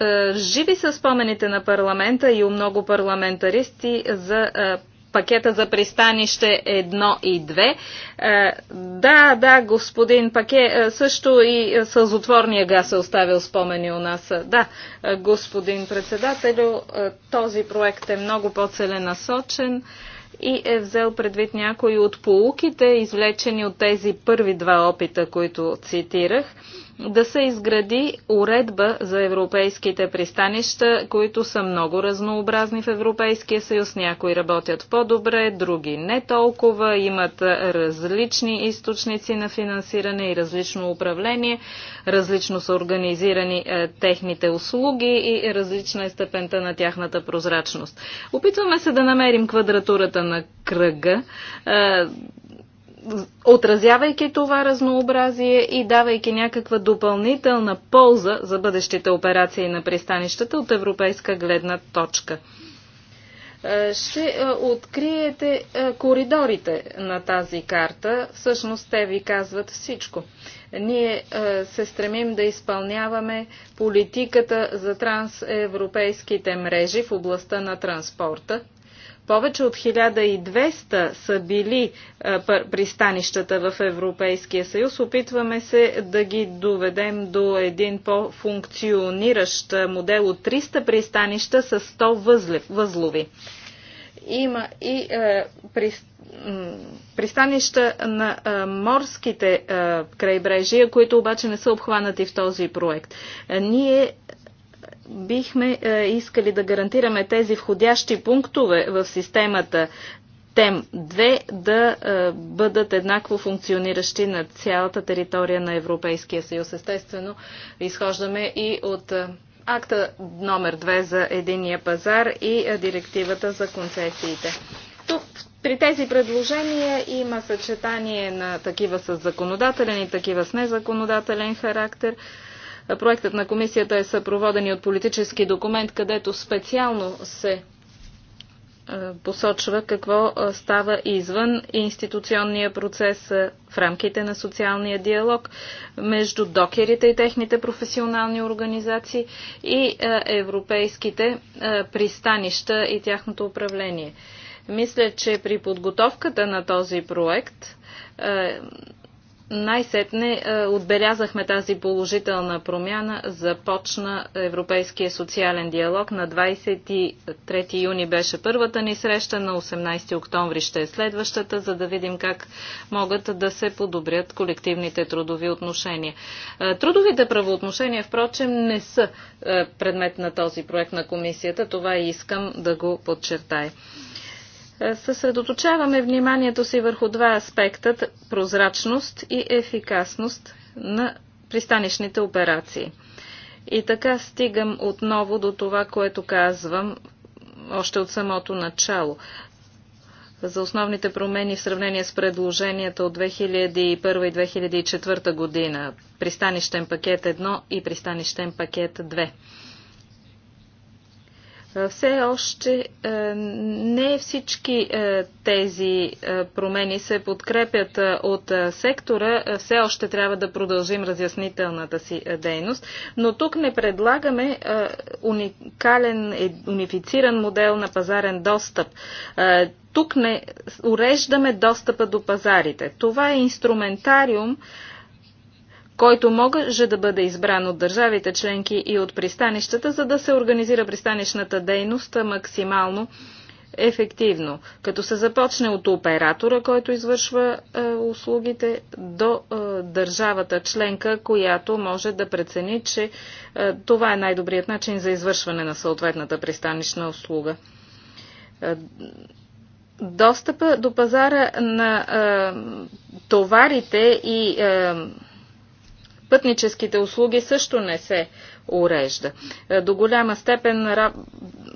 Е, живи са спомените на парламента и у много парламентаристи за е, пакета за пристанище 1 и 2. Е, да, да, господин Паке, е, също и е, отворния газ е оставил спомени у нас. Да, господин председателю, този проект е много по-целенасочен и е взел предвид някои от полуките, извлечени от тези първи два опита, които цитирах да се изгради уредба за европейските пристанища, които са много разнообразни в Европейския съюз. Някои работят по-добре, други не толкова, имат различни източници на финансиране и различно управление, различно са организирани е, техните услуги и различна е степента на тяхната прозрачност. Опитваме се да намерим квадратурата на кръга. Е, отразявайки това разнообразие и давайки някаква допълнителна полза за бъдещите операции на пристанищата от европейска гледна точка. Е, ще е, откриете е, коридорите на тази карта. Всъщност те ви казват всичко. Ние се стремим да изпълняваме политиката за трансевропейските мрежи в областта на транспорта, повече от 1200 са били е, пристанищата в Европейския съюз. Опитваме се да ги доведем до един по-функциониращ е, модел от 300 пристанища с 100 възлови. Има и е, при, пристанища на е, морските е, крайбрежия, които обаче не са обхванати в този проект. Е, ние бихме е, искали да гарантираме тези входящи пунктове в системата ТЕМ-2 да е, бъдат еднакво функциониращи на цялата територия на Европейския съюз. Естествено, изхождаме и от е, акта номер 2 за единия пазар и директивата за концесиите. Тук при тези предложения има съчетание на такива с законодателен и такива с незаконодателен характер – Проектът на комисията е съпроводен и от политически документ, където специално се е, посочва какво е, става извън институционния процес е, в рамките на социалния диалог между докерите и техните професионални организации и европейските пристанища и тяхното управление. Мисля, че при подготовката на този проект най-сетне е, отбелязахме тази положителна промяна. Започна Европейския социален диалог. На 23 юни беше първата ни среща, на 18 октомври ще е следващата, за да видим как могат да се подобрят колективните трудови отношения. Е, трудовите правоотношения, впрочем, не са е, предмет на този проект на комисията. Това искам да го подчертая. Е, съсредоточаваме вниманието си върху два аспекта – прозрачност и ефикасност на пристанищните операции. И така стигам отново до това, което казвам още от самото начало за основните промени в сравнение с предложенията от 2001 и 2004 година, пристанищен пакет 1 и пристанищен пакет 2. Е, все още е, не всички е, тези промени се подкрепят от сектора. Все още трябва да продължим разяснителната си дейност. Но тук не предлагаме уникален, унифициран модел на пазарен достъп. Тук не уреждаме достъпа до пазарите. Това е инструментариум, който може да бъде избран от държавите членки и от пристанищата, за да се организира пристанищната дейност максимално ефективно, като се започне от оператора, който извършва е, услугите, до е, държавата членка, която може да прецени, че е, това е най-добрият начин за извършване на съответната пристанищна услуга. Е, достъпа до пазара на е, товарите и е, Пътническите услуги също не се урежда. Е, до голяма степен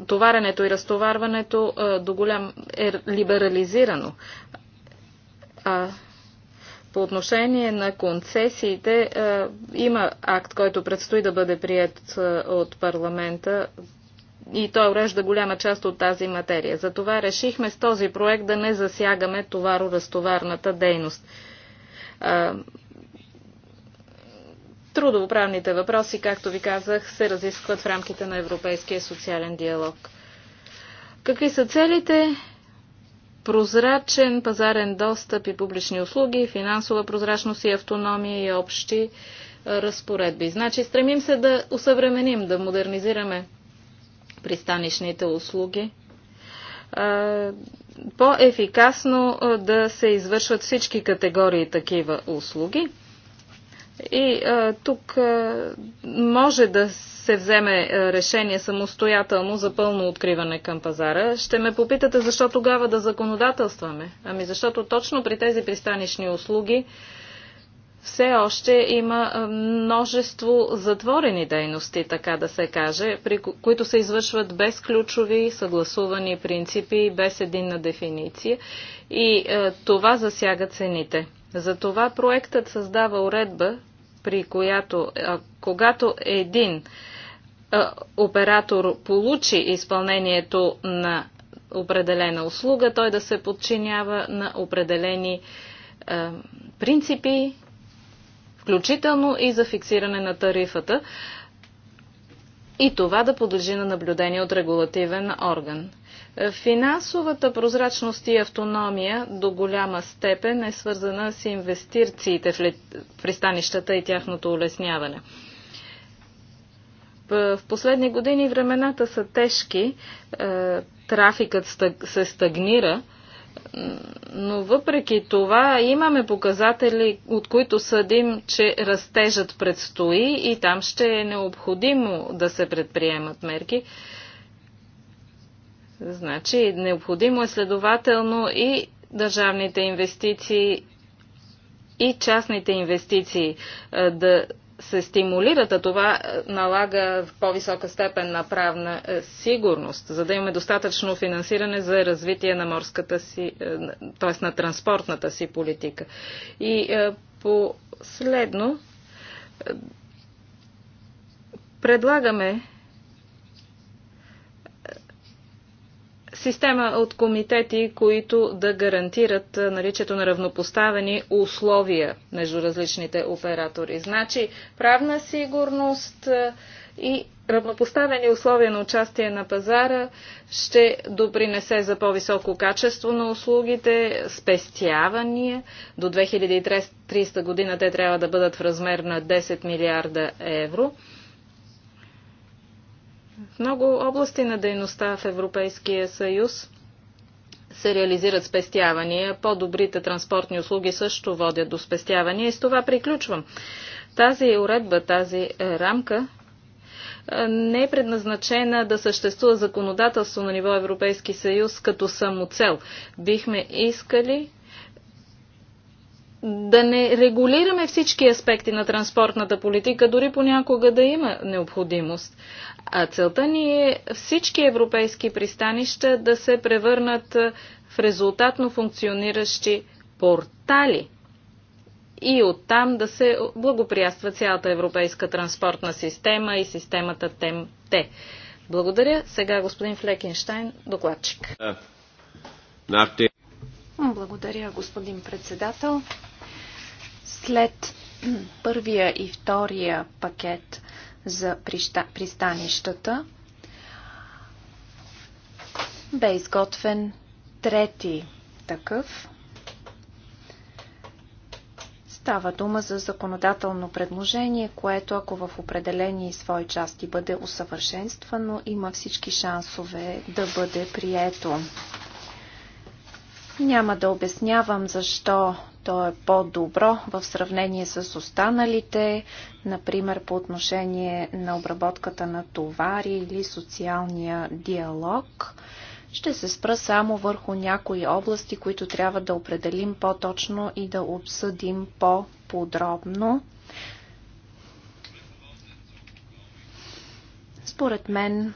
товаренето и разтоварването е, до голям е либерализирано. А по отношение на концесиите е, има акт, който предстои да бъде прият от парламента и той урежда голяма част от тази материя. Затова решихме с този проект да не засягаме товаро-разтоварната дейност. Трудовоправните въпроси, както ви казах, се разискват в рамките на Европейския социален диалог. Какви са целите? Прозрачен пазарен достъп и публични услуги, финансова прозрачност и автономия и общи е, разпоредби. Значи стремим се да усъвременим, да модернизираме пристанищните услуги, е, по-ефикасно е, да се извършват всички категории такива услуги. И а, е, тук а, е, може да се вземе е, решение самостоятелно за пълно откриване към пазара. Ще ме попитате защо тогава да законодателстваме? Ами защото точно при тези пристанищни услуги все още има множество затворени дейности, така да се каже, при които се извършват без ключови съгласувани принципи, без единна дефиниция. И а, това засяга цените. Затова проектът създава уредба, при която а, когато един а, оператор получи изпълнението на определена услуга, той да се подчинява на определени а, принципи, включително и за фиксиране на тарифата, и това да подлежи на наблюдение от регулативен орган. Финансовата прозрачност и автономия до голяма степен е свързана с инвестициите в, пристанищата и тяхното улесняване. В последни години времената са тежки, е, трафикът се стагнира, но въпреки това имаме показатели, от които съдим, че растежът предстои и там ще е необходимо да се предприемат мерки. Значи, необходимо е следователно и държавните инвестиции и частните инвестиции е, да се стимулират, а това е, налага в по-висока степен на правна е, сигурност, за да имаме достатъчно финансиране за развитие на морската си, т.е. на транспортната си политика. И последно, предлагаме система от комитети, които да гарантират наличието на равнопоставени условия между различните оператори. Значи правна сигурност и равнопоставени условия на участие на пазара ще допринесе за по-високо качество на услугите, спестявания. До 2030 година те трябва да бъдат в размер на 10 милиарда евро. В много области на дейността в Европейския съюз се реализират спестявания. По-добрите транспортни услуги също водят до спестявания и с това приключвам. Тази уредба, тази е, рамка е, не е предназначена да съществува законодателство на ниво Европейски съюз като самоцел. Бихме искали да не регулираме всички аспекти на транспортната политика, дори понякога да има необходимост. А целта ни е всички европейски пристанища да се превърнат в резултатно функциониращи портали и оттам да се благоприятства цялата европейска транспортна система и системата ТЕМ-Т. Благодаря. Сега господин Флекенштайн, докладчик. Е, Благодаря, господин председател. След първия и втория пакет за пристанищата бе изготвен трети такъв. Става дума за законодателно предложение, което ако в определени свои части бъде усъвършенствано, има всички шансове да бъде прието. Няма да обяснявам защо то е по-добро в сравнение с останалите, например по отношение на обработката на товари или социалния диалог. Ще се спра само върху някои области, които трябва да определим по-точно и да обсъдим по-подробно. Според мен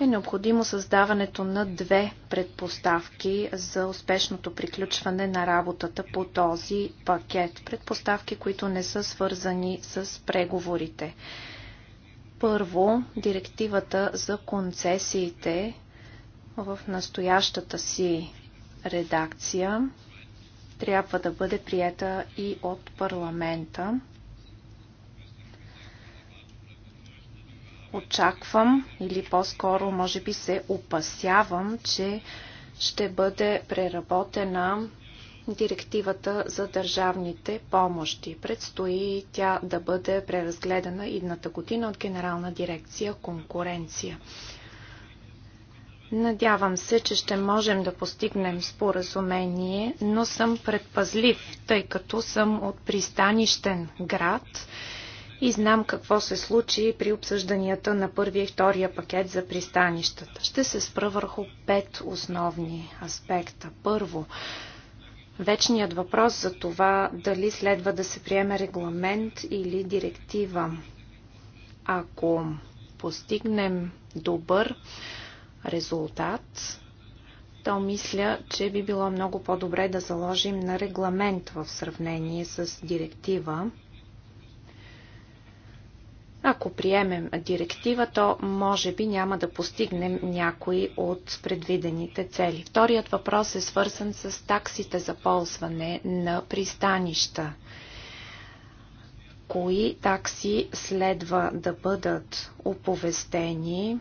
е необходимо създаването на две предпоставки за успешното приключване на работата по този пакет. Предпоставки, които не са свързани с преговорите. Първо, директивата за концесиите в настоящата си редакция трябва да бъде приета и от парламента. Очаквам или по-скоро може би се опасявам, че ще бъде преработена директивата за държавните помощи. Предстои тя да бъде преразгледана идната година от Генерална дирекция конкуренция. Надявам се, че ще можем да постигнем споразумение, но съм предпазлив, тъй като съм от пристанищен град и знам какво се случи при обсъжданията на първия и втория пакет за пристанищата. Ще се спра върху пет основни аспекта. Първо, вечният въпрос за това дали следва да се приеме регламент или директива. Ако постигнем добър резултат, то мисля, че би било много по-добре да заложим на регламент в сравнение с директива. Ако приемем директива, то може би няма да постигнем някои от предвидените цели. Вторият въпрос е свързан с таксите за ползване на пристанища. Кои такси следва да бъдат оповестени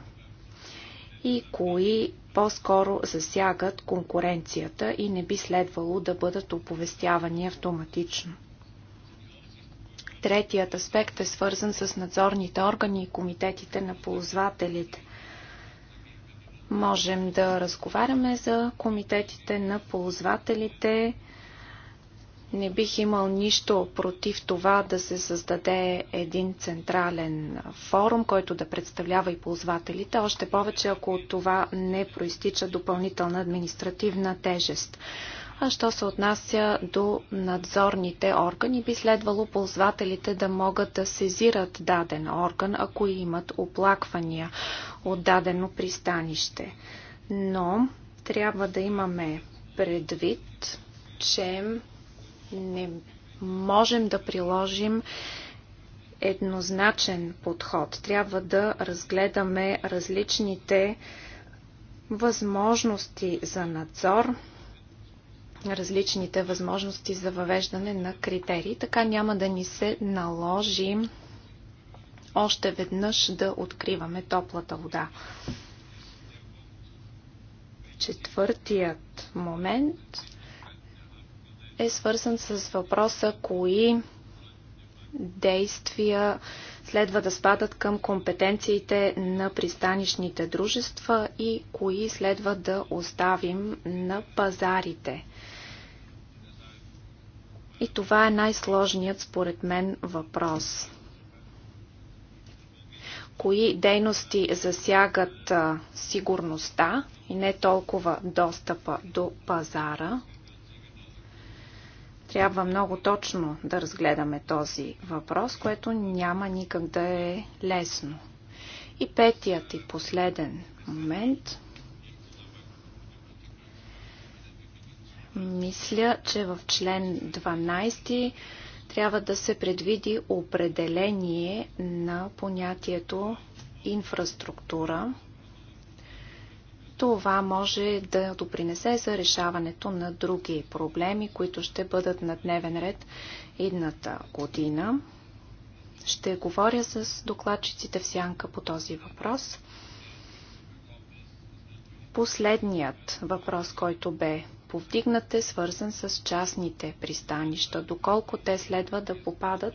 и кои по-скоро засягат конкуренцията и не би следвало да бъдат оповестявани автоматично. Третият аспект е свързан с надзорните органи и комитетите на ползвателите. Можем да разговаряме за комитетите на ползвателите. Не бих имал нищо против това да се създаде един централен форум, който да представлява и ползвателите, още повече ако от това не проистича допълнителна административна тежест. А що се отнася до надзорните органи, би следвало ползвателите да могат да сезират даден орган, ако имат оплаквания от дадено пристанище. Но трябва да имаме предвид, че не можем да приложим еднозначен подход. Трябва да разгледаме различните възможности за надзор, различните възможности за въвеждане на критерии. Така няма да ни се наложи още веднъж да откриваме топлата вода. Четвъртият момент е свързан с въпроса кои действия следва да спадат към компетенциите на пристанищните дружества и кои следва да оставим на пазарите. И това е най-сложният според мен въпрос. Кои дейности засягат сигурността и не толкова достъпа до пазара? Трябва много точно да разгледаме този въпрос, което няма никак да е лесно. И петият и последен момент – Мисля, че в член 12 трябва да се предвиди определение на понятието инфраструктура. Това може да допринесе за решаването на други проблеми, които ще бъдат на дневен ред идната година. Ще говоря с докладчиците в сянка по този въпрос. Последният въпрос, който бе повдигнат е свързан с частните пристанища, доколко те следва да попадат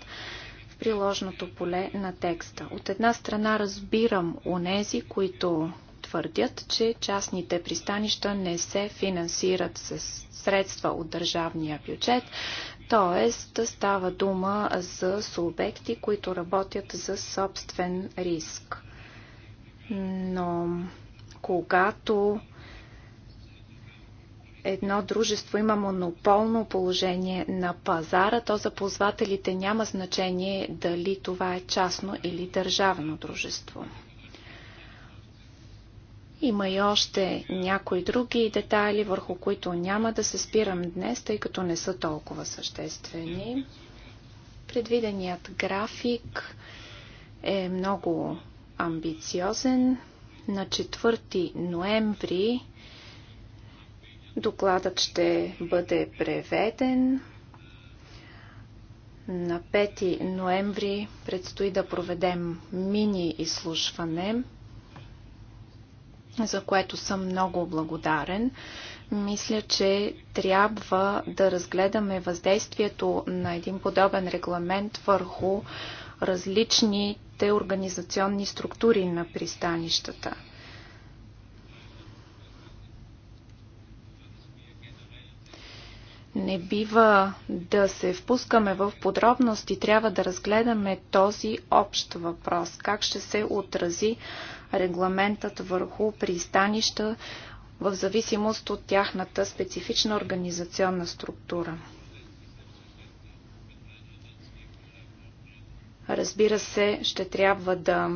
в приложното поле на текста. От една страна разбирам онези, които твърдят, че частните пристанища не се финансират с средства от държавния бюджет, т.е. става дума за субекти, които работят за собствен риск. Но когато едно дружество има монополно положение на пазара, то за ползвателите няма значение дали това е частно или държавно дружество. Има и още някои други детайли, върху които няма да се спирам днес, тъй като не са толкова съществени. Предвиденият график е много амбициозен. На 4 ноември Докладът ще бъде преведен. На 5 ноември предстои да проведем мини изслушване, за което съм много благодарен. Мисля, че трябва да разгледаме въздействието на един подобен регламент върху различните организационни структури на пристанищата. Не бива да се впускаме в подробности, трябва да разгледаме този общ въпрос. Как ще се отрази регламентът върху пристанища в зависимост от тяхната специфична организационна структура? Разбира се, ще трябва да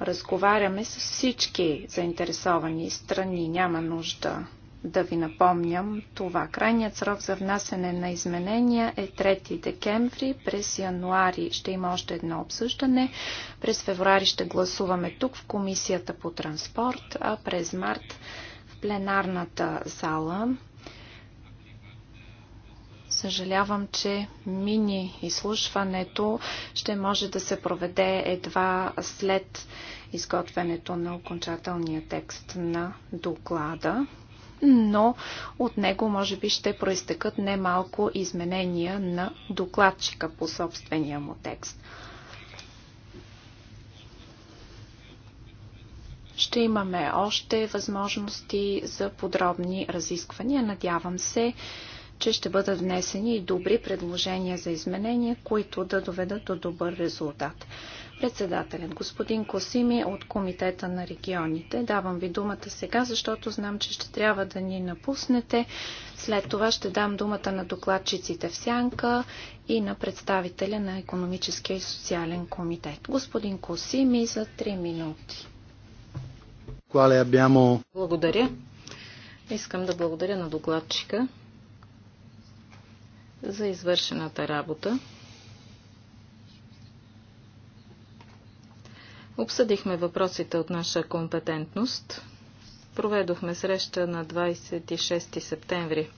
разговаряме с всички заинтересовани страни. Няма нужда да ви напомням това. Крайният срок за внасене на изменения е 3 декември. През януари ще има още едно обсъждане. През февруари ще гласуваме тук в Комисията по транспорт, а през март в пленарната зала. Съжалявам, че мини изслушването ще може да се проведе едва след изготвянето на окончателния текст на доклада но от него може би ще проистекат немалко изменения на докладчика по собствения му текст. ще имаме още възможности за подробни разисквания. Надявам се, че ще бъдат внесени и добри предложения за изменения, които да доведат до добър резултат. Председателят, господин Косими от Комитета на регионите. Давам ви думата сега, защото знам, че ще трябва да ни напуснете. След това ще дам думата на докладчиците в Сянка и на представителя на Економическия и социален комитет. Господин Косими за 3 минути. Благодаря. Искам да благодаря на докладчика за извършената работа. Обсъдихме въпросите от наша компетентност. Проведохме среща на 26 септември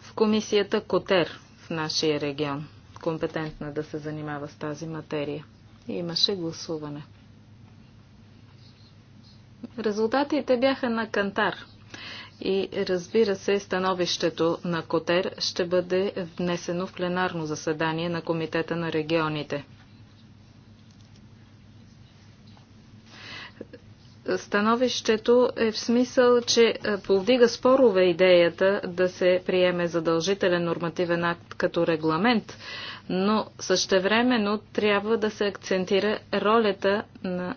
в комисията Котер в нашия регион, компетентна да се занимава с тази материя. имаше гласуване. Резултатите бяха на Кантар. И разбира се, становището на Котер ще бъде внесено в пленарно заседание на Комитета на регионите. Становището е в смисъл, че е, повдига спорове идеята да се приеме задължителен нормативен акт като регламент, но същевременно трябва да се акцентира ролята на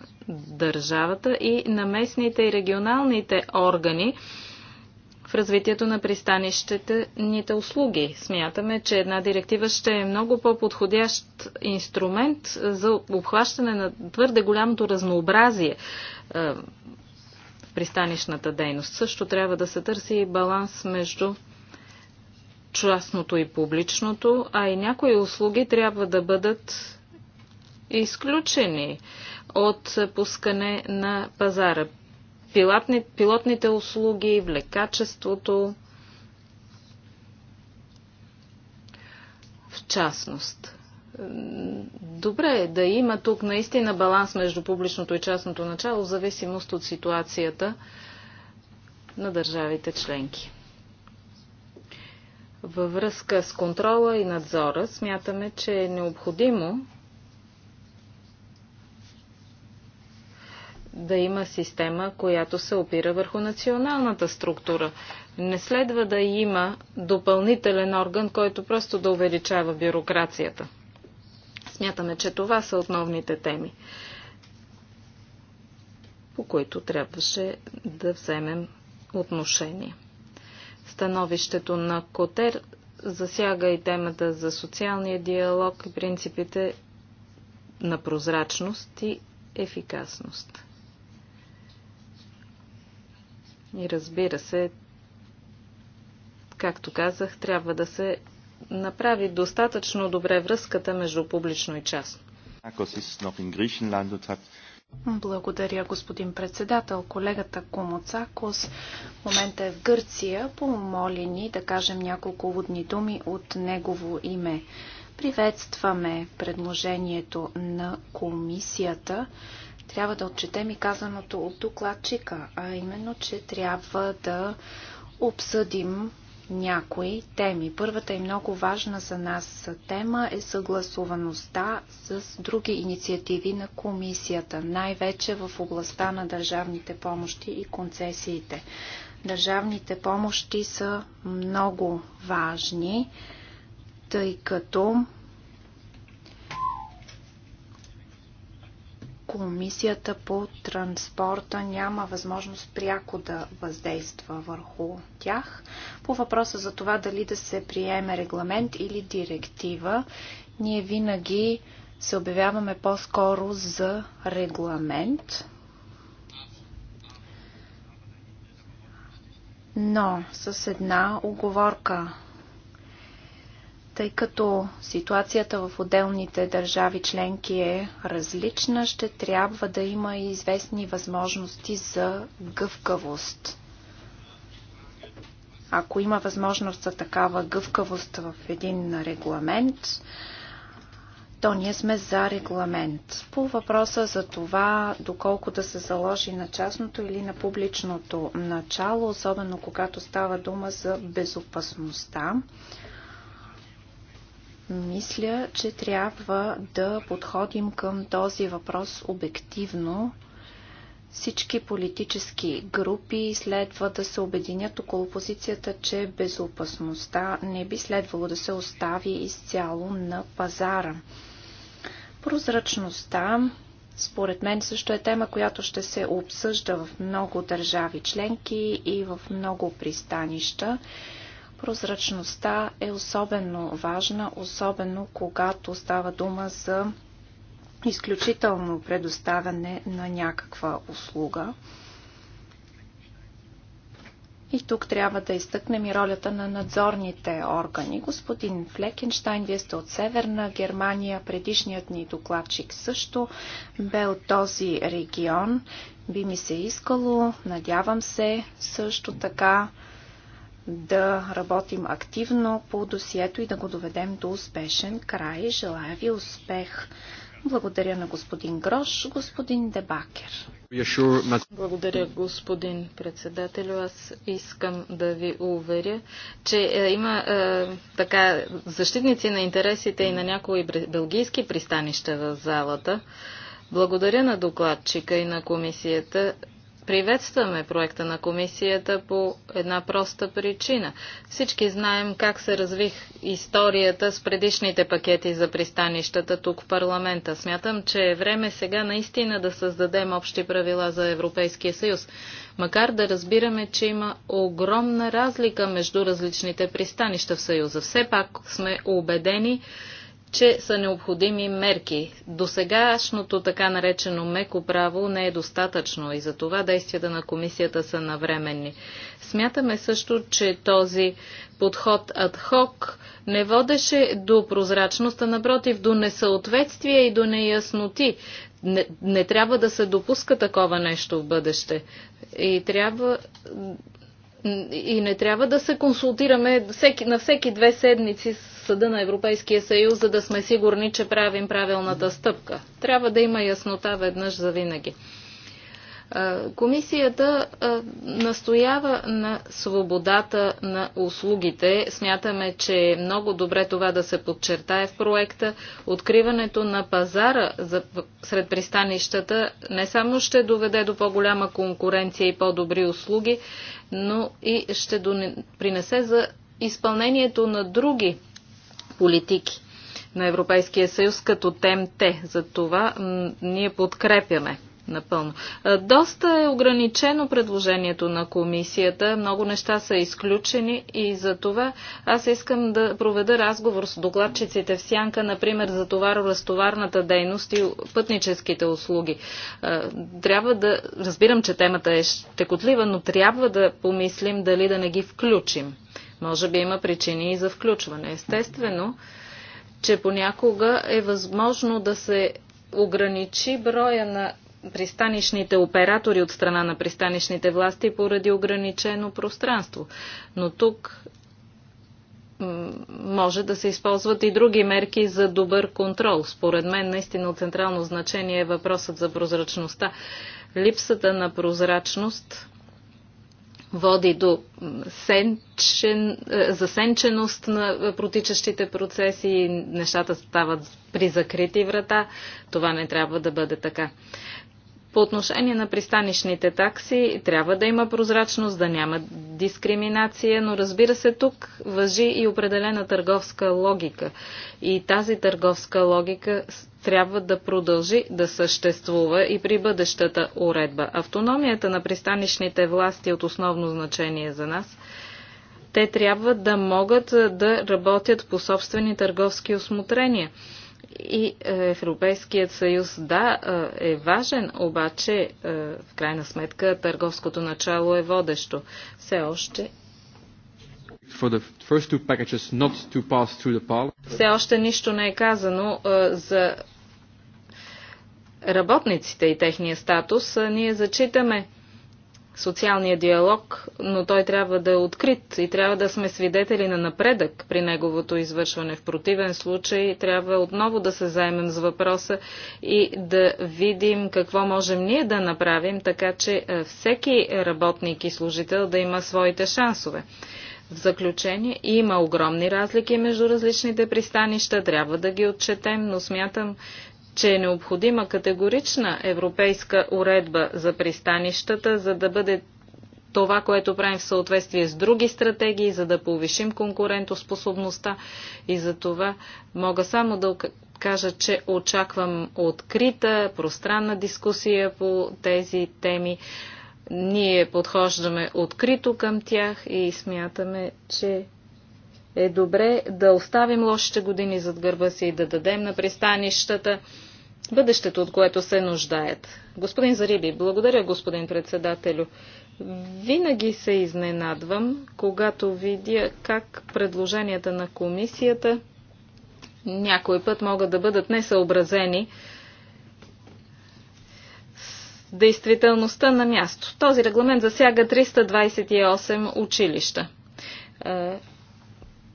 държавата и на местните и регионалните органи развитието на пристанищите нита услуги. Смятаме, че една директива ще е много по-подходящ инструмент за обхващане на твърде голямото разнообразие е, в пристанищната дейност. Също трябва да се търси и баланс между частното и публичното, а и някои услуги трябва да бъдат изключени от пускане на пазара пилотни, пилотните услуги, влекачеството, в частност. Добре е да има тук наистина баланс между публичното и частното начало, в зависимост от ситуацията на държавите членки. Във връзка с контрола и надзора смятаме, че е необходимо да има система, която се опира върху националната структура. Не следва да има допълнителен орган, който просто да увеличава бюрокрацията. Смятаме, че това са основните теми, по които трябваше да вземем отношение. Становището на Котер засяга и темата за социалния диалог и принципите на прозрачност и ефикасност. И разбира се, както казах, трябва да се направи достатъчно добре връзката между публично и частно. Благодаря, господин председател. Колегата Комоцакос в момента е в Гърция. Помоли ни да кажем няколко водни думи от негово име. Приветстваме предложението на комисията трябва да отчетем и казаното от докладчика, а именно, че трябва да обсъдим някои теми. Първата и много важна за нас тема е съгласуваността с други инициативи на комисията, най-вече в областта на държавните помощи и концесиите. Държавните помощи са много важни, тъй като Комисията по транспорта няма възможност пряко да въздейства върху тях. По въпроса за това дали да се приеме регламент или директива, ние винаги се обявяваме по-скоро за регламент. Но с една оговорка тъй като ситуацията в отделните държави членки е различна, ще трябва да има и известни възможности за гъвкавост. Ако има възможност за такава гъвкавост в един регламент, то ние сме за регламент. По въпроса за това, доколко да се заложи на частното или на публичното начало, особено когато става дума за безопасността, мисля, че трябва да подходим към този въпрос обективно. Всички политически групи следва да се обединят около позицията, че безопасността не би следвало да се остави изцяло на пазара. Прозрачността, според мен, също е тема, която ще се обсъжда в много държави членки и в много пристанища. Прозрачността е особено важна, особено когато става дума за изключително предоставяне на някаква услуга. И тук трябва да изтъкнем и ролята на надзорните органи. Господин Флекенштайн, вие сте от Северна Германия, предишният ни докладчик също бе от този регион. Би ми се искало, надявам се също така, да работим активно по досието и да го доведем до успешен край. Желая ви успех! Благодаря на господин Грош, господин Дебакер. Благодаря, господин председател. Аз искам да ви уверя, че е, има е, така защитници на интересите и на някои белгийски пристанища в залата. Благодаря на докладчика и на комисията Приветстваме проекта на комисията по една проста причина. Всички знаем как се развих историята с предишните пакети за пристанищата тук в парламента. Смятам, че е време сега наистина да създадем общи правила за Европейския съюз. Макар да разбираме, че има огромна разлика между различните пристанища в съюза. Все пак сме убедени, че са необходими мерки. До сегашното така наречено меко право не е достатъчно и за това действията на комисията са навременни. Смятаме също, че този подход адхок не водеше до прозрачност, а напротив до несъответствие и до неясноти. Не, не трябва да се допуска такова нещо в бъдеще. И трябва и не трябва да се консултираме всеки, на всеки две седмици с Съда на Европейския съюз, за да сме сигурни, че правим правилната стъпка. Трябва да има яснота веднъж за винаги. Комисията настоява на свободата на услугите. Смятаме, че е много добре това да се подчертае в проекта. Откриването на пазара сред пристанищата не само ще доведе до по-голяма конкуренция и по-добри услуги, но и ще принесе за изпълнението на други политики на Европейския съюз като темте. За това ние подкрепяме напълно. Доста е ограничено предложението на комисията, много неща са изключени и за това аз искам да проведа разговор с докладчиците в сянка, например за товаро-разтоварната дейност и пътническите услуги. Трябва да, разбирам, че темата е щекотлива, но трябва да помислим дали да не ги включим. Може би има причини и за включване. Естествено, че понякога е възможно да се ограничи броя на пристанищните оператори от страна на пристанищните власти поради ограничено пространство. Но тук може да се използват и други мерки за добър контрол. Според мен наистина от централно значение е въпросът за прозрачността. Липсата на прозрачност води до сенчен, е, засенченост на е, протичащите процеси и нещата стават при закрити врата. Това не трябва да бъде така. По отношение на пристанищните такси трябва да има прозрачност, да няма дискриминация, но разбира се тук въжи и определена търговска логика. И тази търговска логика трябва да продължи да съществува и при бъдещата уредба. Автономията на пристанищните власти е от основно значение за нас. Те трябва да могат да работят по собствени търговски осмотрения. И е, Европейският съюз, да, е, е важен, обаче е, в крайна сметка търговското начало е водещо. Все още все още нищо не е казано за работниците и техния статус. Ние зачитаме социалния диалог, но той трябва да е открит и трябва да сме свидетели на напредък при неговото извършване. В противен случай трябва отново да се заемем с въпроса и да видим какво можем ние да направим, така че е, всеки работник и служител да има своите шансове. В заключение, има огромни разлики между различните пристанища, трябва да ги отчетем, но смятам, че е необходима категорична европейска уредба за пристанищата, за да бъде това, което правим в съответствие с други стратегии, за да повишим конкурентоспособността и за това мога само да кажа, че очаквам открита, пространна дискусия по тези теми. Ние подхождаме открито към тях и смятаме, че е добре да оставим лошите години зад гърба си и да дадем на пристанищата бъдещето, от което се нуждаят. Господин Зариби, благодаря, господин председателю. Винаги се изненадвам, когато видя как предложенията на комисията някой път могат да бъдат несъобразени с действителността на място. Този регламент засяга 328 училища е,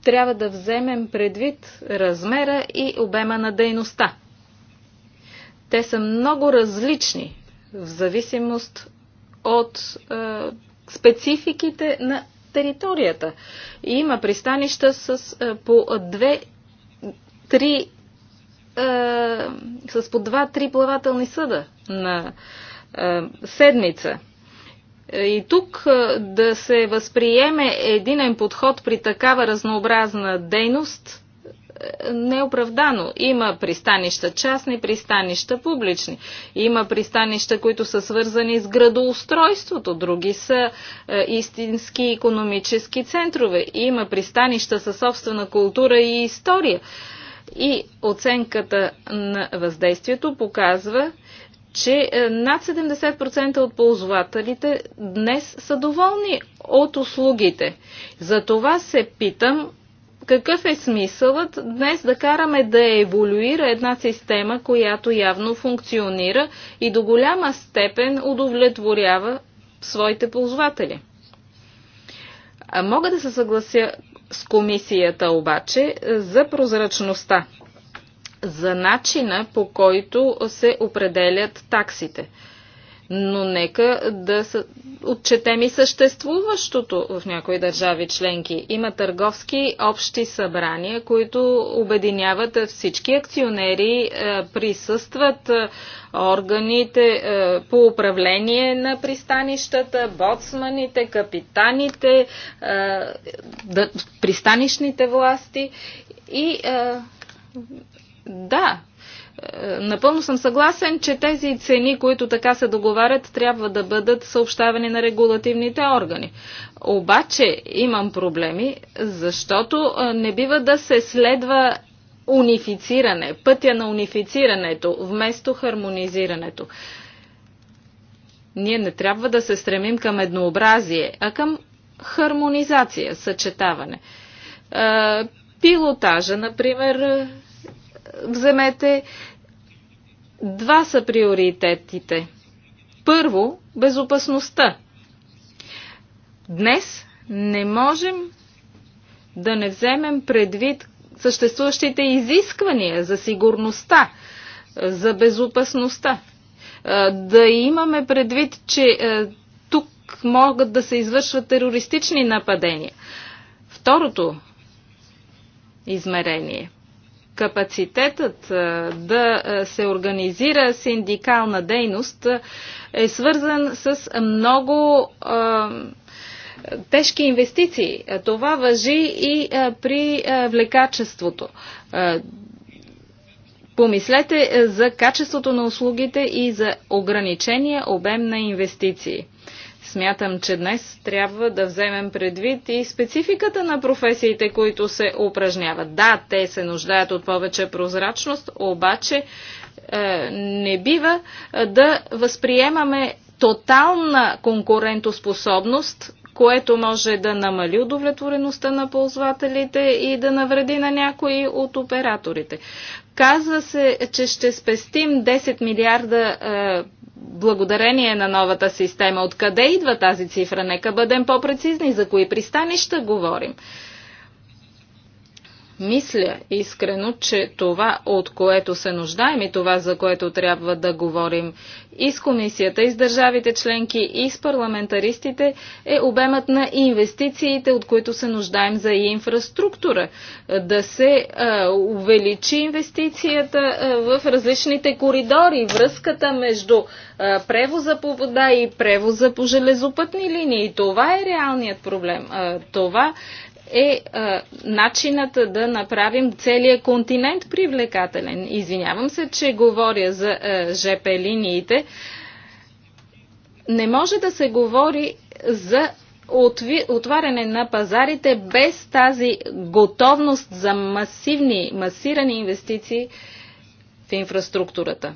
трябва да вземем предвид размера и обема на дейността те са много различни в зависимост от е, спецификите на територията. И има пристанища с е, по две, три, е, с по два-три плавателни съда на е, седмица. И тук е, да се възприеме единен подход при такава разнообразна дейност неоправдано. Има пристанища частни, пристанища публични. Има пристанища, които са свързани с градоустройството, други са е, истински економически центрове. Има пристанища със собствена култура и история. И оценката на въздействието показва, че е, над 70% от ползвателите днес са доволни от услугите. За това се питам какъв е смисълът днес да караме да еволюира една система, която явно функционира и до голяма степен удовлетворява своите ползватели? А мога да се съглася с комисията обаче за прозрачността, за начина по който се определят таксите – но нека да отчетем и съществуващото в някои държави членки. Има търговски общи събрания, които обединяват всички акционери, е, присъстват е, органите е, по управление на пристанищата, боцманите, капитаните, пристанищните власти и да, Напълно съм съгласен, че тези цени, които така се договарят, трябва да бъдат съобщавани на регулативните органи. Обаче имам проблеми, защото не бива да се следва унифициране, пътя на унифицирането, вместо хармонизирането. Ние не трябва да се стремим към еднообразие, а към хармонизация, съчетаване. Пилотажа, например, вземете. Два са приоритетите. Първо, безопасността. Днес не можем да не вземем предвид съществуващите изисквания за сигурността, за безопасността. Да имаме предвид, че тук могат да се извършват терористични нападения. Второто измерение – капацитетът да се организира синдикална дейност е свързан с много тежки инвестиции. Това въжи и при влекачеството. Помислете за качеството на услугите и за ограничения обем на инвестиции. Смятам, че днес трябва да вземем предвид и спецификата на професиите, които се упражняват. Да, те се нуждаят от повече прозрачност, обаче е, не бива е, да възприемаме тотална конкурентоспособност, което може да намали удовлетвореността на ползвателите и да навреди на някои от операторите. Казва се, че ще спестим 10 милиарда е, благодарение на новата система. Откъде идва тази цифра? Нека бъдем по-прецизни. За кои пристанища говорим? Мисля искрено, че това, от което се нуждаем и това, за което трябва да говорим и с комисията, и с държавите членки, и с парламентаристите, е обемът на инвестициите, от които се нуждаем за и инфраструктура. Да се а, е, увеличи инвестицията а, е, в различните коридори, връзката между а, е, превоза по вода и превоза по железопътни линии. Това е реалният проблем. А, това е а, е, начинът да направим целия континент привлекателен. Извинявам се, че говоря за а, е, ЖП линиите. Не може да се говори за отваряне на пазарите без тази готовност за масивни, масирани инвестиции в инфраструктурата.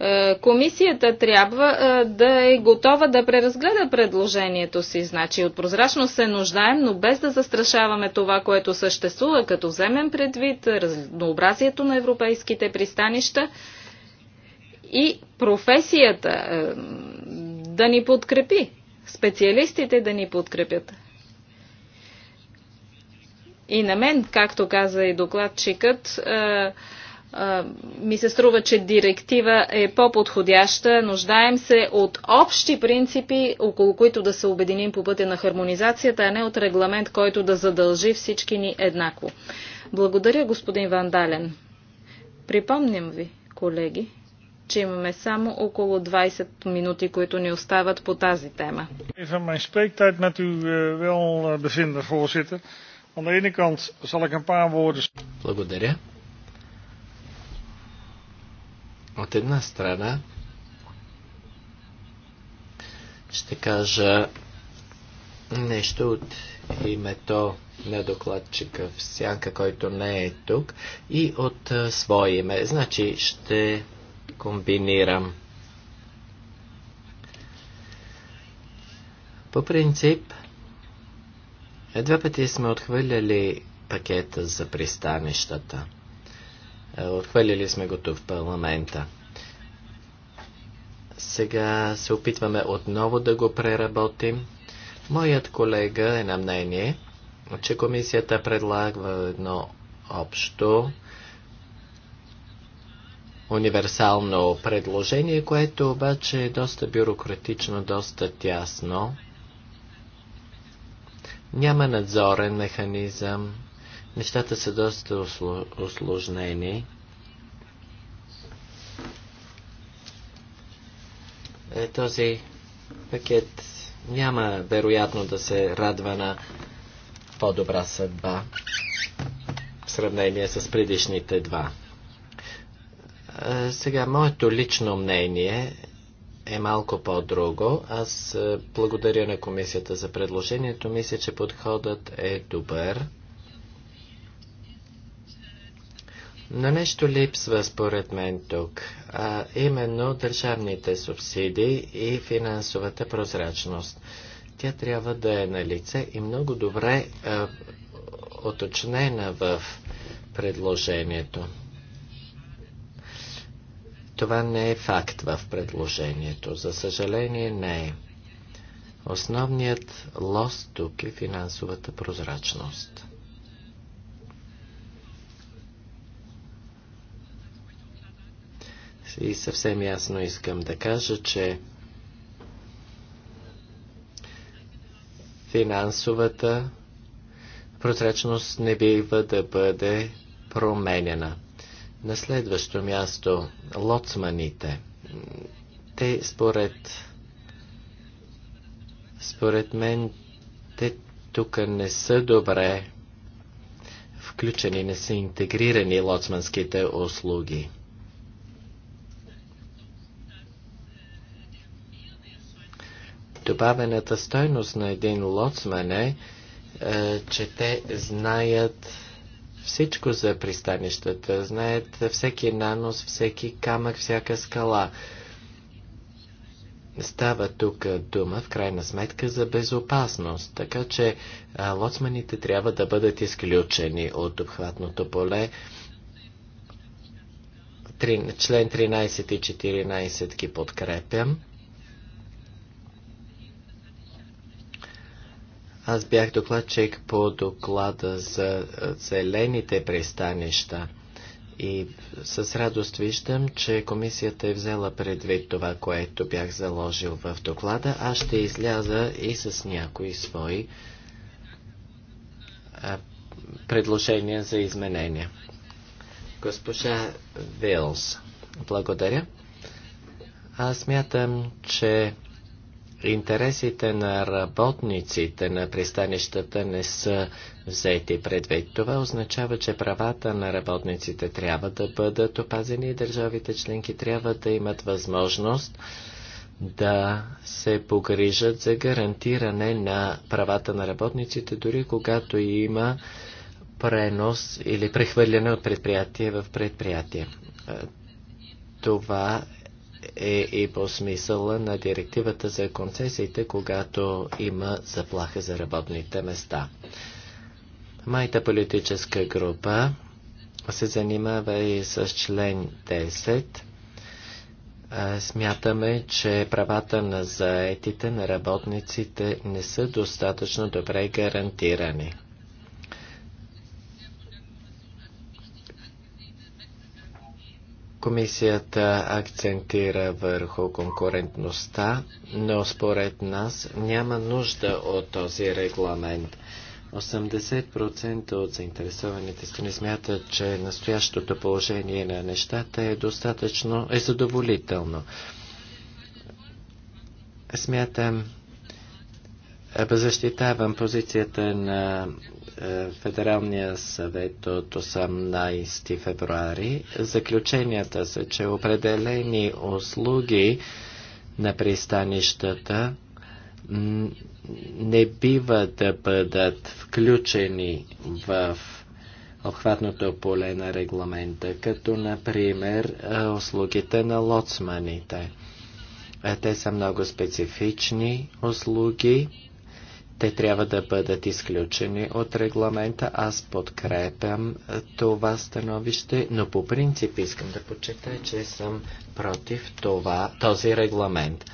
Е, комисията трябва е, да е готова да преразгледа предложението си. Значи от прозрачност се нуждаем, но без да застрашаваме това, което съществува, като вземем предвид разнообразието на европейските пристанища и професията е, да ни подкрепи, специалистите да ни подкрепят. И на мен, както каза и докладчикът, ми се струва, че директива е по-подходяща. Нуждаем се от общи принципи, около които да се обединим по пътя на хармонизацията, а не от регламент, който да задължи всички ни еднакво. Благодаря, господин Вандален. Припомням ви, колеги, че имаме само около 20 минути, които ни остават по тази тема. Благодаря. От една страна ще кажа нещо от името на докладчика в сянка, който не е тук, и от свое име. Значи ще комбинирам. По принцип, едва пъти сме отхвърляли пакета за пристанищата – Отхвърлили сме го в парламента. Сега се опитваме отново да го преработим. Моят колега е на мнение, че комисията предлага едно общо универсално предложение, което обаче е доста бюрократично, доста тясно. Няма надзорен механизъм, Нещата са доста осложнени. Е, този пакет няма вероятно да се радва на по-добра съдба в сравнение с предишните два. Сега, моето лично мнение е малко по-друго. Аз благодаря на комисията за предложението. Мисля, че подходът е добър. Но нещо липсва според мен тук, а именно държавните субсидии и финансовата прозрачност. Тя трябва да е на лице и много добре а, оточнена в предложението. Това не е факт в предложението. За съжаление не е. Основният лост тук е финансовата прозрачност. И съвсем ясно искам да кажа, че финансовата прозрачност не бива да бъде променена. На следващо място, лоцманите. Те според, според мен, те тук не са добре включени, не са интегрирани лоцманските услуги. Добавената стойност на един лоцман е, че те знаят всичко за пристанищата, знаят всеки нанос, всеки камък, всяка скала. Става тук дума, в крайна сметка, за безопасност, така че лоцманите трябва да бъдат изключени от обхватното поле. Три, член 13 и 14 ги подкрепям. Аз бях докладчик по доклада за зелените пристанища. И с радост виждам, че комисията е взела предвид това, което бях заложил в доклада. Аз ще изляза и с някои свои предложения за изменения. Госпожа Вилс, благодаря. Аз мятам, че интересите на работниците на пристанищата не са взети предвид. Това означава, че правата на работниците трябва да бъдат опазени и държавите членки трябва да имат възможност да се погрижат за гарантиране на правата на работниците, дори когато има пренос или прехвърляне от предприятие в предприятие. Е, това е и по смисъла на директивата за концесиите, когато има заплаха за работните места. Майта политическа група се занимава и с член 10. Смятаме, че правата на заетите на работниците не са достатъчно добре гарантирани. Комисията акцентира върху конкурентността, но според нас няма нужда от този регламент. 80% от заинтересованите страни смятат, че настоящото положение на нещата е достатъчно, е задоволително. Смятам, защитавам позицията на е, Федералния съвет от 18 февруари. Заключенията са, че определени услуги на пристанищата не бива да бъдат включени в обхватното поле на регламента, като например е, услугите на лоцманите. Е, те са много специфични услуги те трябва да бъдат изключени от регламента. Аз подкрепям е, това становище, но по принцип искам да почитая, че съм против това, този регламент.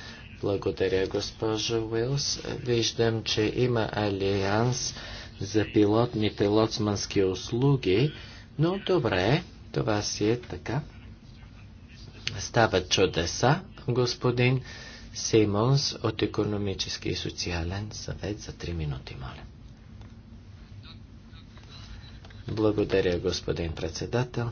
Благодаря, госпожо Уилс. Виждам, че има алианс за пилотните лоцмански услуги, но добре, това си е така. Стават чудеса, господин. Сеймонс от Економически и социален съвет за 3 минути, моля. Благодаря, господин председател.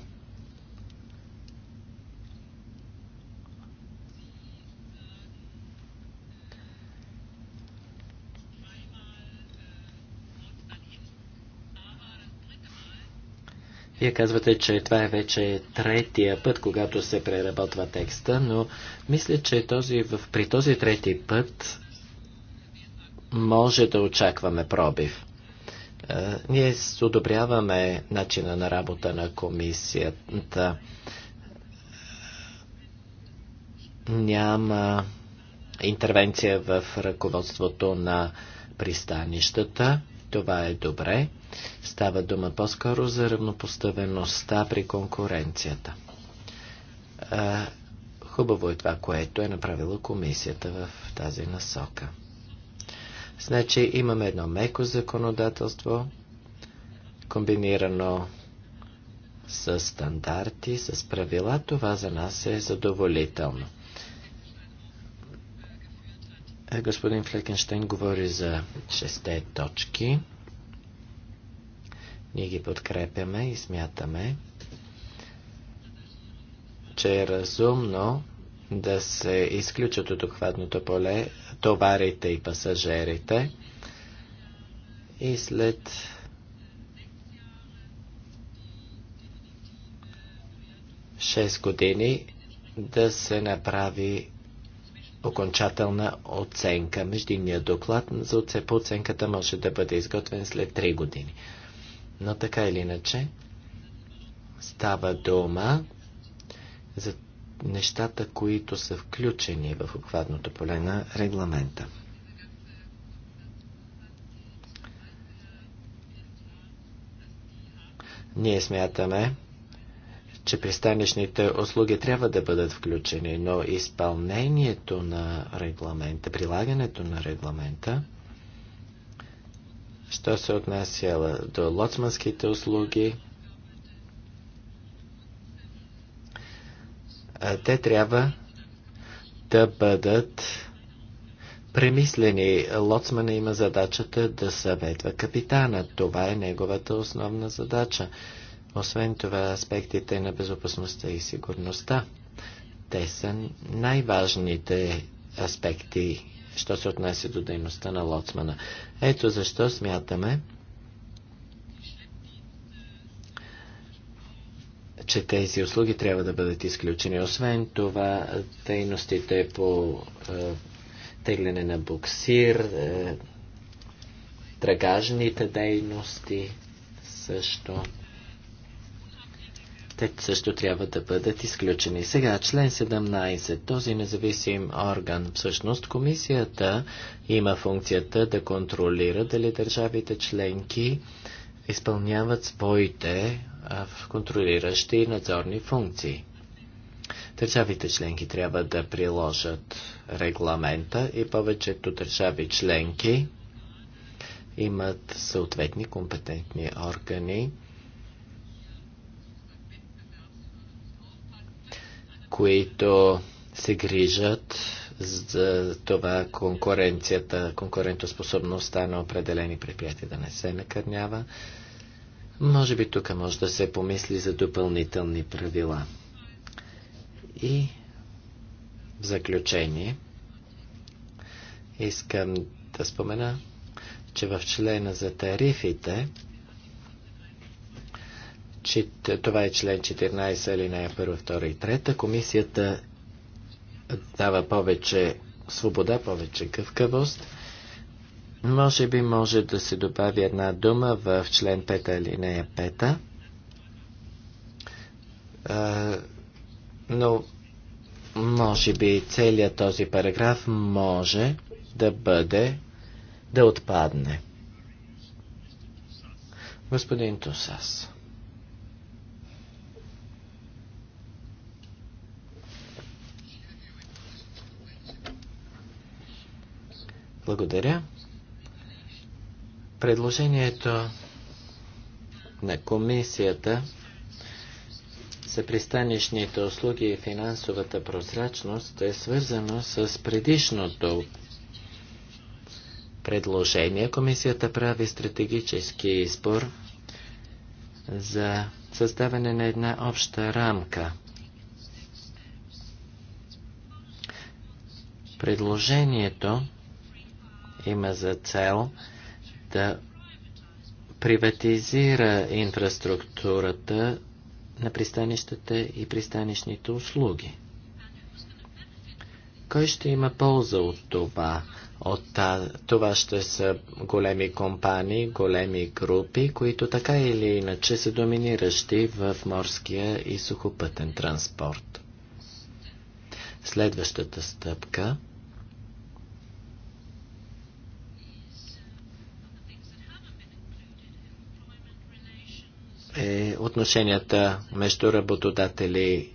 Вие казвате, че това е вече третия път, когато се преработва текста, но мисля, че този, в, при този трети път може да очакваме пробив. ние одобряваме начина на работа на комисията. Няма интервенция в ръководството на пристанищата. Това е добре. Става дума по-скоро за равнопоставеността при конкуренцията. Хубаво е това, което е направила комисията в тази насока. Значи имаме едно меко законодателство, комбинирано с стандарти, с правила. Това за нас е задоволително. Е, господин Флекенштейн говори за шесте точки. Ние ги подкрепяме и смятаме, че е разумно да се изключат от обхватното поле товарите и пасажирите и след шест години да се направи окончателна оценка. Междинният доклад за по оценката може да бъде изготвен след 3 години. Но така или иначе, става дума за нещата, които са включени в обхватното поле на регламента. Ние смятаме, че пристанищните услуги трябва да бъдат включени, но изпълнението на регламента, прилагането на регламента, що се отнася до лоцманските услуги, те трябва да бъдат премислени. Лоцмана има задачата да съветва капитана. Това е неговата основна задача. Освен това, аспектите на безопасността и сигурността, те са най-важните аспекти, що се отнася до дейността на лоцмана. Ето защо смятаме, че тези услуги трябва да бъдат изключени. Освен това, дейностите по е, тегляне на буксир, е, трагажните дейности също те също трябва да бъдат изключени. Сега, член 17, този независим орган, всъщност комисията има функцията да контролира дали държавите членки изпълняват своите контролиращи и надзорни функции. Държавите членки трябва да приложат регламента и повечето държави членки имат съответни компетентни органи, които се грижат за това конкуренцията, конкурентоспособността на определени предприятия да не се накърнява. Може би тук може да се помисли за допълнителни правила. И в заключение искам да спомена, че в члена за тарифите това е член 14, алинея 1, 2 и 3. Комисията дава повече свобода, повече гъвкавост. Може би може да се добави една дума в член 5, алинея 5. Но може би целият този параграф може да бъде, да отпадне. Господин Тусас. Благодаря. Предложението на комисията за пристанищните услуги и финансовата прозрачност е свързано с предишното предложение. Комисията прави стратегически избор за създаване на една обща рамка. Предложението има за цел да приватизира инфраструктурата на пристанищата и пристанищните услуги. Кой ще има полза от това? От това ще са големи компании, големи групи, които така или иначе са доминиращи в морския и сухопътен транспорт. Следващата стъпка – е отношенията между работодатели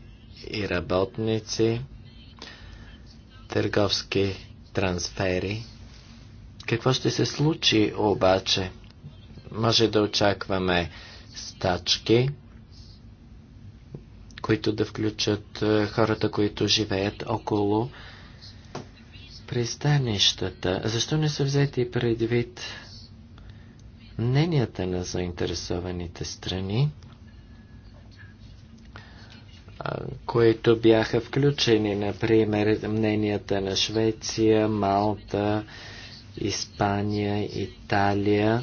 и работници, търговски трансфери. Какво ще се случи обаче? Може да очакваме стачки, които да включат е, хората, които живеят около пристанищата. Защо не са взети предвид мненията на заинтересованите страни, които бяха включени, например, мненията на Швеция, Малта, Испания, Италия.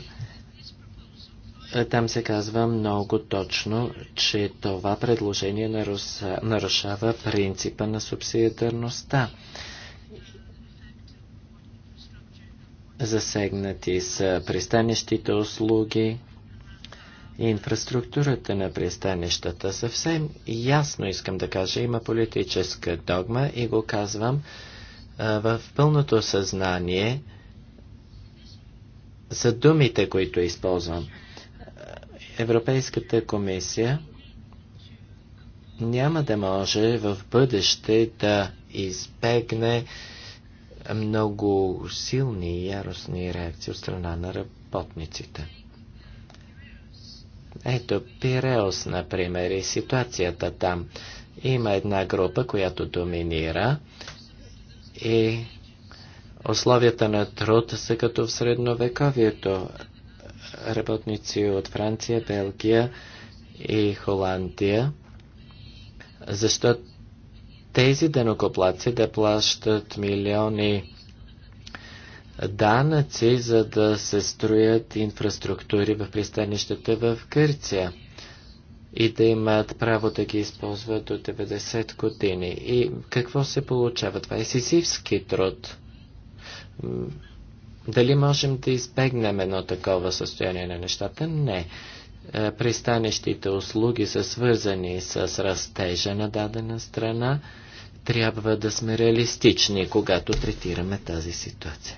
Там се казва много точно, че това предложение нарушава принципа на субсидиарността. Засегнати са пристанищите услуги, и инфраструктурата на пристанищата. Съвсем ясно искам да кажа, има политическа догма и го казвам в пълното съзнание за думите, които използвам. Европейската комисия няма да може в бъдеще да избегне много силни и яростни реакции от страна на работниците. Ето Пиреос, например, и ситуацията там. Има една група, която доминира и условията на труд са като в средновековието. Работници от Франция, Белгия и Холандия, защото тези денокоплаци да плащат милиони данъци, за да се строят инфраструктури в пристанищата в Гърция и да имат право да ги използват до 90 години. И какво се получава? Това е сизивски труд. Дали можем да избегнем едно такова състояние на нещата? Не. Е, пристанищите услуги са свързани с растежа на дадена страна, трябва да сме реалистични, когато третираме тази ситуация.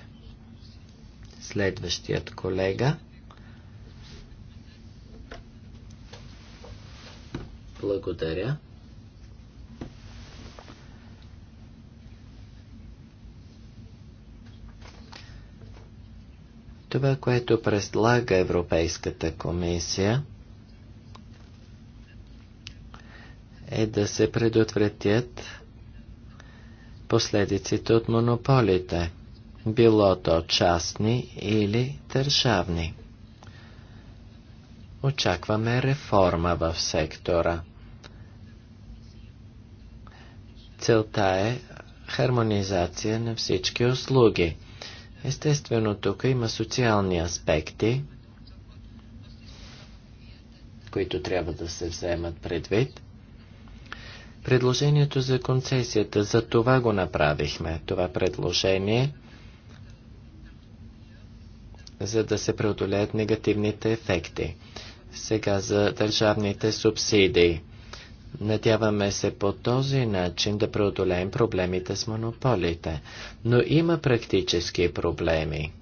Следващият колега. Благодаря. Това, което предлага Европейската комисия, е да се предотвратят последиците от монополите, било то частни или държавни. Очакваме реформа в сектора. Целта е хармонизация на всички услуги. Естествено, тук има социални аспекти, които трябва да се вземат предвид. Предложението за концесията, за това го направихме, това предложение, за да се преодолеят негативните ефекти. Сега за държавните субсидии. Надяваме се по този начин да преодолеем проблемите с монополите. Но има практически проблеми.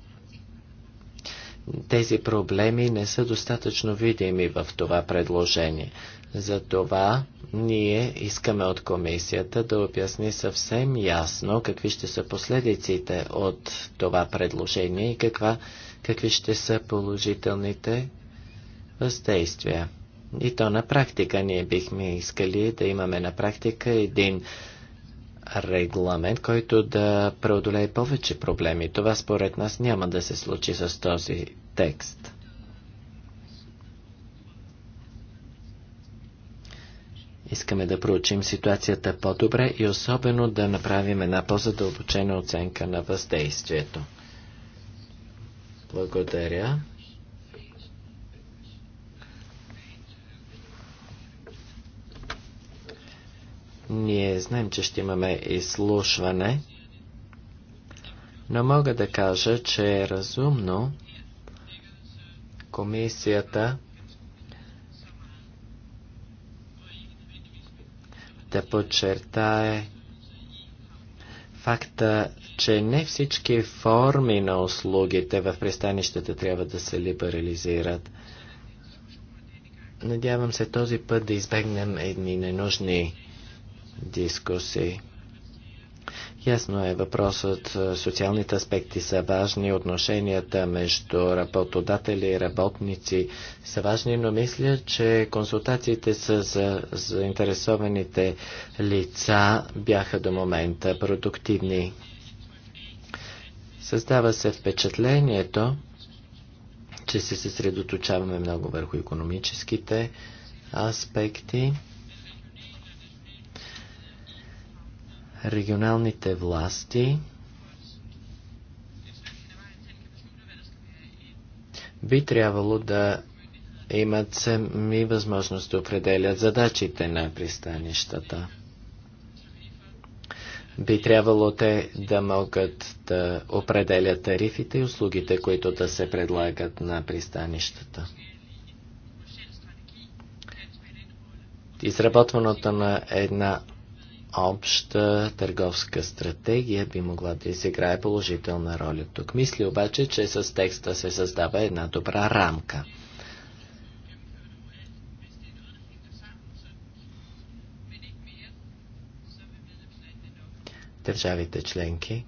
Тези проблеми не са достатъчно видими в това предложение. Затова ние искаме от комисията да обясни съвсем ясно какви ще са последиците от това предложение и каква, какви ще са положителните въздействия. И то на практика. Ние бихме искали да имаме на практика един регламент, който да преодолее повече проблеми. Това според нас няма да се случи с този текст. Искаме да проучим ситуацията по-добре и особено да направим една по-задълбочена оценка на въздействието. Благодаря. Ние знаем, че ще имаме изслушване, но мога да кажа, че е разумно комисията да подчертае факта, че не всички форми на услугите в пристанищата трябва да се либерализират. Надявам се този път да избегнем едни ненужни дискусии. Ясно е въпросът, е, социалните аспекти са важни, отношенията между работодатели и работници са важни, но мисля, че консултациите с заинтересованите лица бяха до момента продуктивни. Създава се впечатлението, че се съсредоточаваме много върху економическите аспекти. регионалните власти би трябвало да имат сами възможност да определят задачите на пристанищата. Би трябвало те да могат да определят тарифите и услугите, които да се предлагат на пристанищата. Изработването на една обща търговска стратегия би могла да изиграе положителна роля тук. Мисля обаче, че с текста се създава една добра рамка. Държавите членки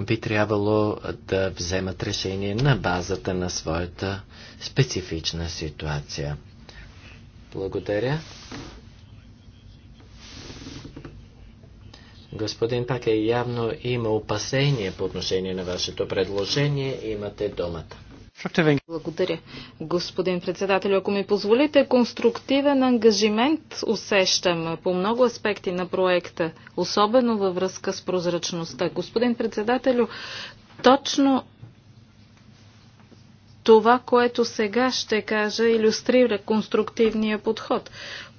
би трябвало да вземат решение на базата на своята специфична ситуация. Благодаря. Господин Паке, явно има опасение по отношение на вашето предложение. Имате думата. Благодаря. Господин председател, ако ми позволите, конструктивен ангажимент усещам по много аспекти на проекта, особено във връзка с прозрачността. Господин председател, точно това, което сега ще кажа, иллюстрира конструктивния подход.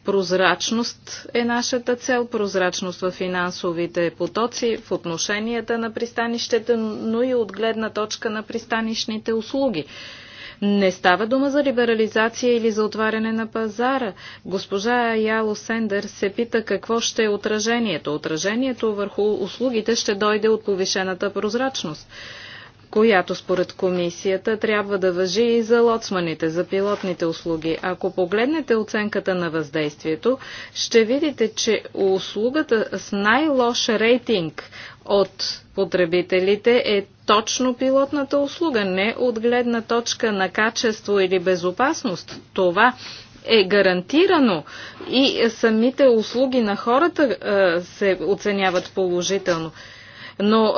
Прозрачност е нашата цел, прозрачност в финансовите потоци, в отношенията на пристанищата, но и от гледна точка на пристанищните услуги. Не става дума за либерализация или за отваряне на пазара. Госпожа Яло Сендер се пита какво ще е отражението. Отражението върху услугите ще дойде от повишената прозрачност която според комисията трябва да въжи и за лоцманите, за пилотните услуги. Ако погледнете оценката на въздействието, ще видите, че услугата с най-лош рейтинг от потребителите е точно пилотната услуга, не от гледна точка на качество или безопасност. Това е гарантирано и самите услуги на хората се оценяват положително. Но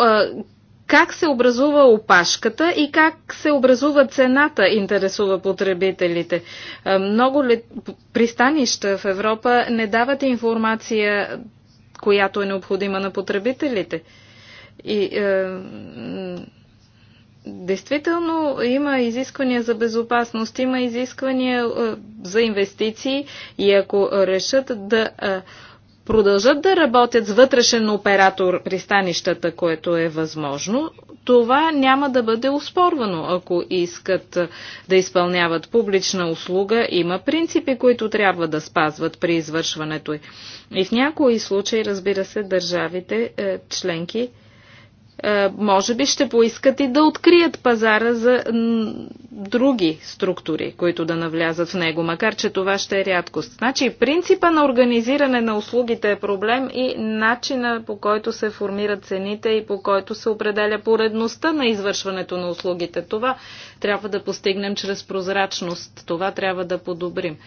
как се образува опашката и как се образува цената, интересува потребителите. Е, много ли... пристанища в Европа не дават информация, която е необходима на потребителите. И, е, Действително има изисквания за безопасност, има изисквания е, за инвестиции и ако решат да е, продължат да работят с вътрешен оператор пристанищата, което е възможно, това няма да бъде успорвано, ако искат да изпълняват публична услуга. Има принципи, които трябва да спазват при извършването й. И в някои случаи, разбира се, държавите е, членки е, може би ще поискат и да открият пазара за други структури, които да навлязат в него, макар че това ще е рядкост. Значи принципа на организиране на услугите е проблем и начина по който се формират цените и по който се определя поредността на извършването на услугите. Това трябва да постигнем чрез прозрачност. Това трябва да подобрим.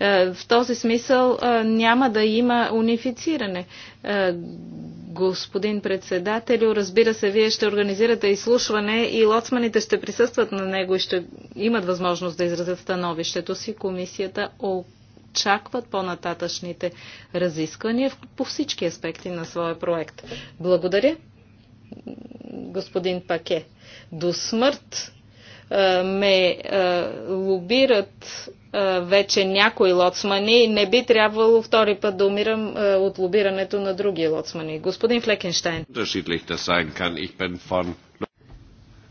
Е, в този смисъл е, няма да има унифициране. Е, господин председателю, разбира се, вие ще организирате изслушване и лоцманите ще присъстват на него и ще имат възможност да изразят становището си. Комисията очакват по-нататъчните разисквания по всички аспекти на своя проект. Благодаря, господин Паке. До смърт ме лобират вече някои лоцмани, не би трябвало втори път да умирам от лобирането на други лоцмани. Господин Флекенштайн.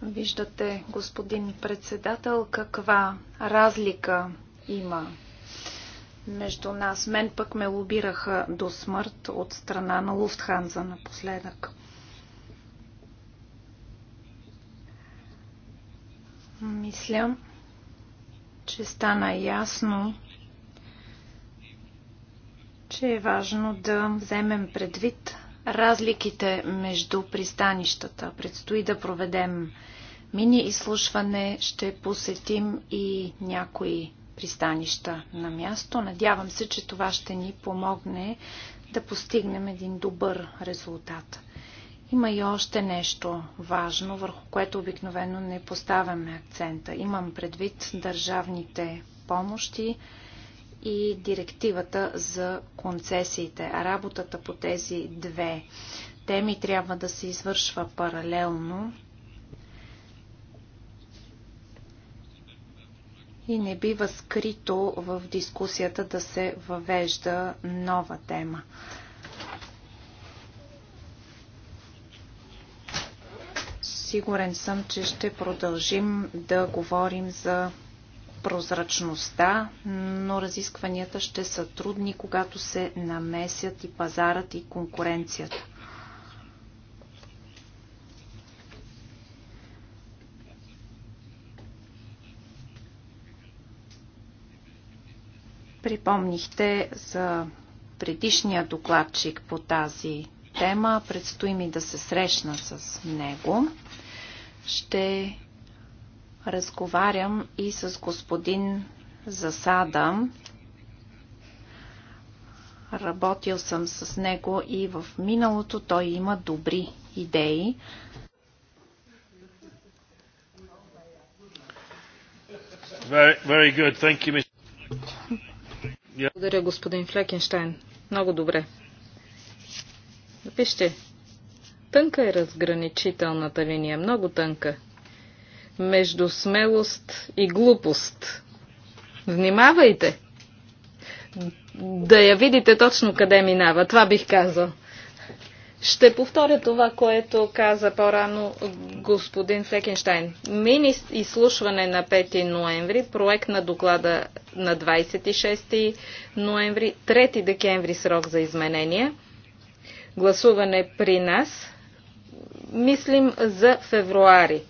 Виждате, господин председател, каква разлика има между нас. Мен пък ме лобираха до смърт от страна на Луфтханза напоследък. Мисля, че стана ясно, че е важно да вземем предвид разликите между пристанищата. Предстои да проведем мини изслушване, ще посетим и някои пристанища на място. Надявам се, че това ще ни помогне да постигнем един добър резултат. Има и още нещо важно, върху което обикновено не поставяме акцента. Имам предвид държавните помощи и директивата за концесиите. Работата по тези две теми трябва да се извършва паралелно. И не бива скрито в дискусията да се въвежда нова тема. Сигурен съм, че ще продължим да говорим за прозрачността, но разискванията ще са трудни, когато се намесят и пазарът и конкуренцията. Припомнихте за предишния докладчик по тази тема. Предстои ми да се срещна с него. Ще разговарям и с господин Засада. Работил съм с него и в миналото той има добри идеи. Very, very you, Благодаря, господин Флекенштайн. Много добре. Вижте, тънка е разграничителната линия, много тънка. Между смелост и глупост. Внимавайте! Да я видите точно къде минава, това бих казал. Ще повторя това, което каза по-рано господин Флекенштайн. Мини изслушване на 5 ноември, проект на доклада на 26 ноември, 3 декември срок за изменения – гласуване при нас, мислим за февруари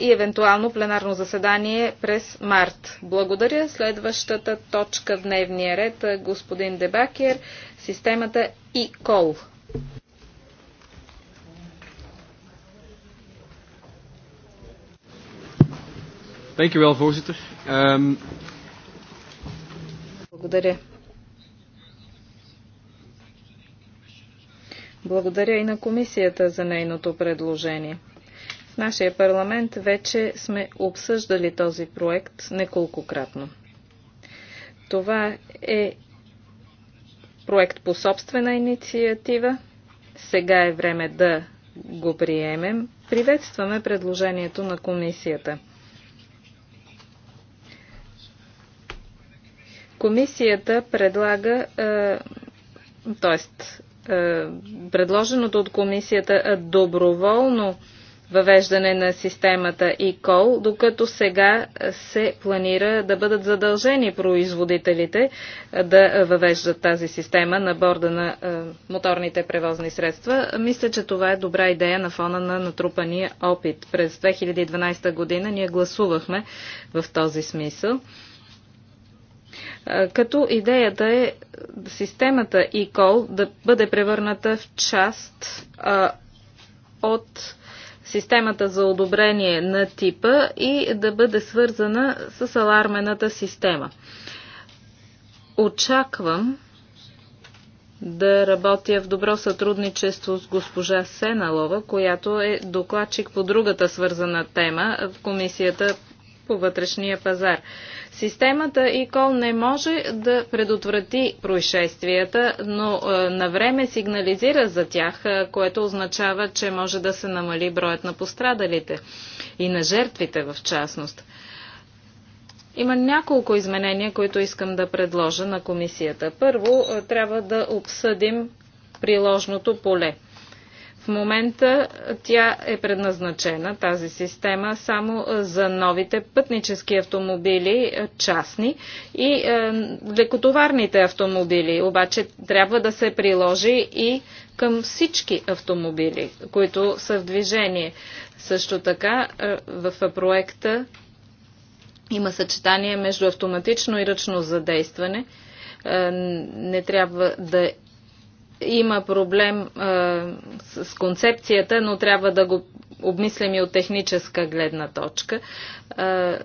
и евентуално пленарно заседание през март. Благодаря. Следващата точка в дневния ред, господин Дебакер, системата и E Dank voorzitter. Um... Благодаря, Благодаря и на комисията за нейното предложение. В нашия парламент вече сме обсъждали този проект неколкократно. Това е проект по собствена инициатива. Сега е време да го приемем. Приветстваме предложението на комисията. Комисията предлага, т.е. Е, предложеното от комисията доброволно въвеждане на системата ECOL, докато сега се планира да бъдат задължени производителите е, да въвеждат тази система на борда на е, моторните превозни средства. Мисля, че това е добра идея на фона на натрупания опит. През 2012 година ние гласувахме в този смисъл като идеята е системата ИКОЛ да бъде превърната в част от системата за одобрение на типа и да бъде свързана с алармената система. Очаквам да работя в добро сътрудничество с госпожа Сеналова, която е докладчик по другата свързана тема в Комисията по вътрешния пазар. Системата ИКОЛ не може да предотврати происшествията, но е, на време сигнализира за тях, е, което означава, че може да се намали броят на пострадалите и на жертвите в частност. Има няколко изменения, които искам да предложа на комисията. Първо, е, трябва да обсъдим приложното поле. В момента тя е предназначена, тази система, само за новите пътнически автомобили, частни и лекотоварните автомобили. Обаче трябва да се приложи и към всички автомобили, които са в движение. Също така в проекта има съчетание между автоматично и ръчно задействане. Не трябва да има проблем а, с, концепцията, но трябва да го обмислям и от техническа гледна точка. А,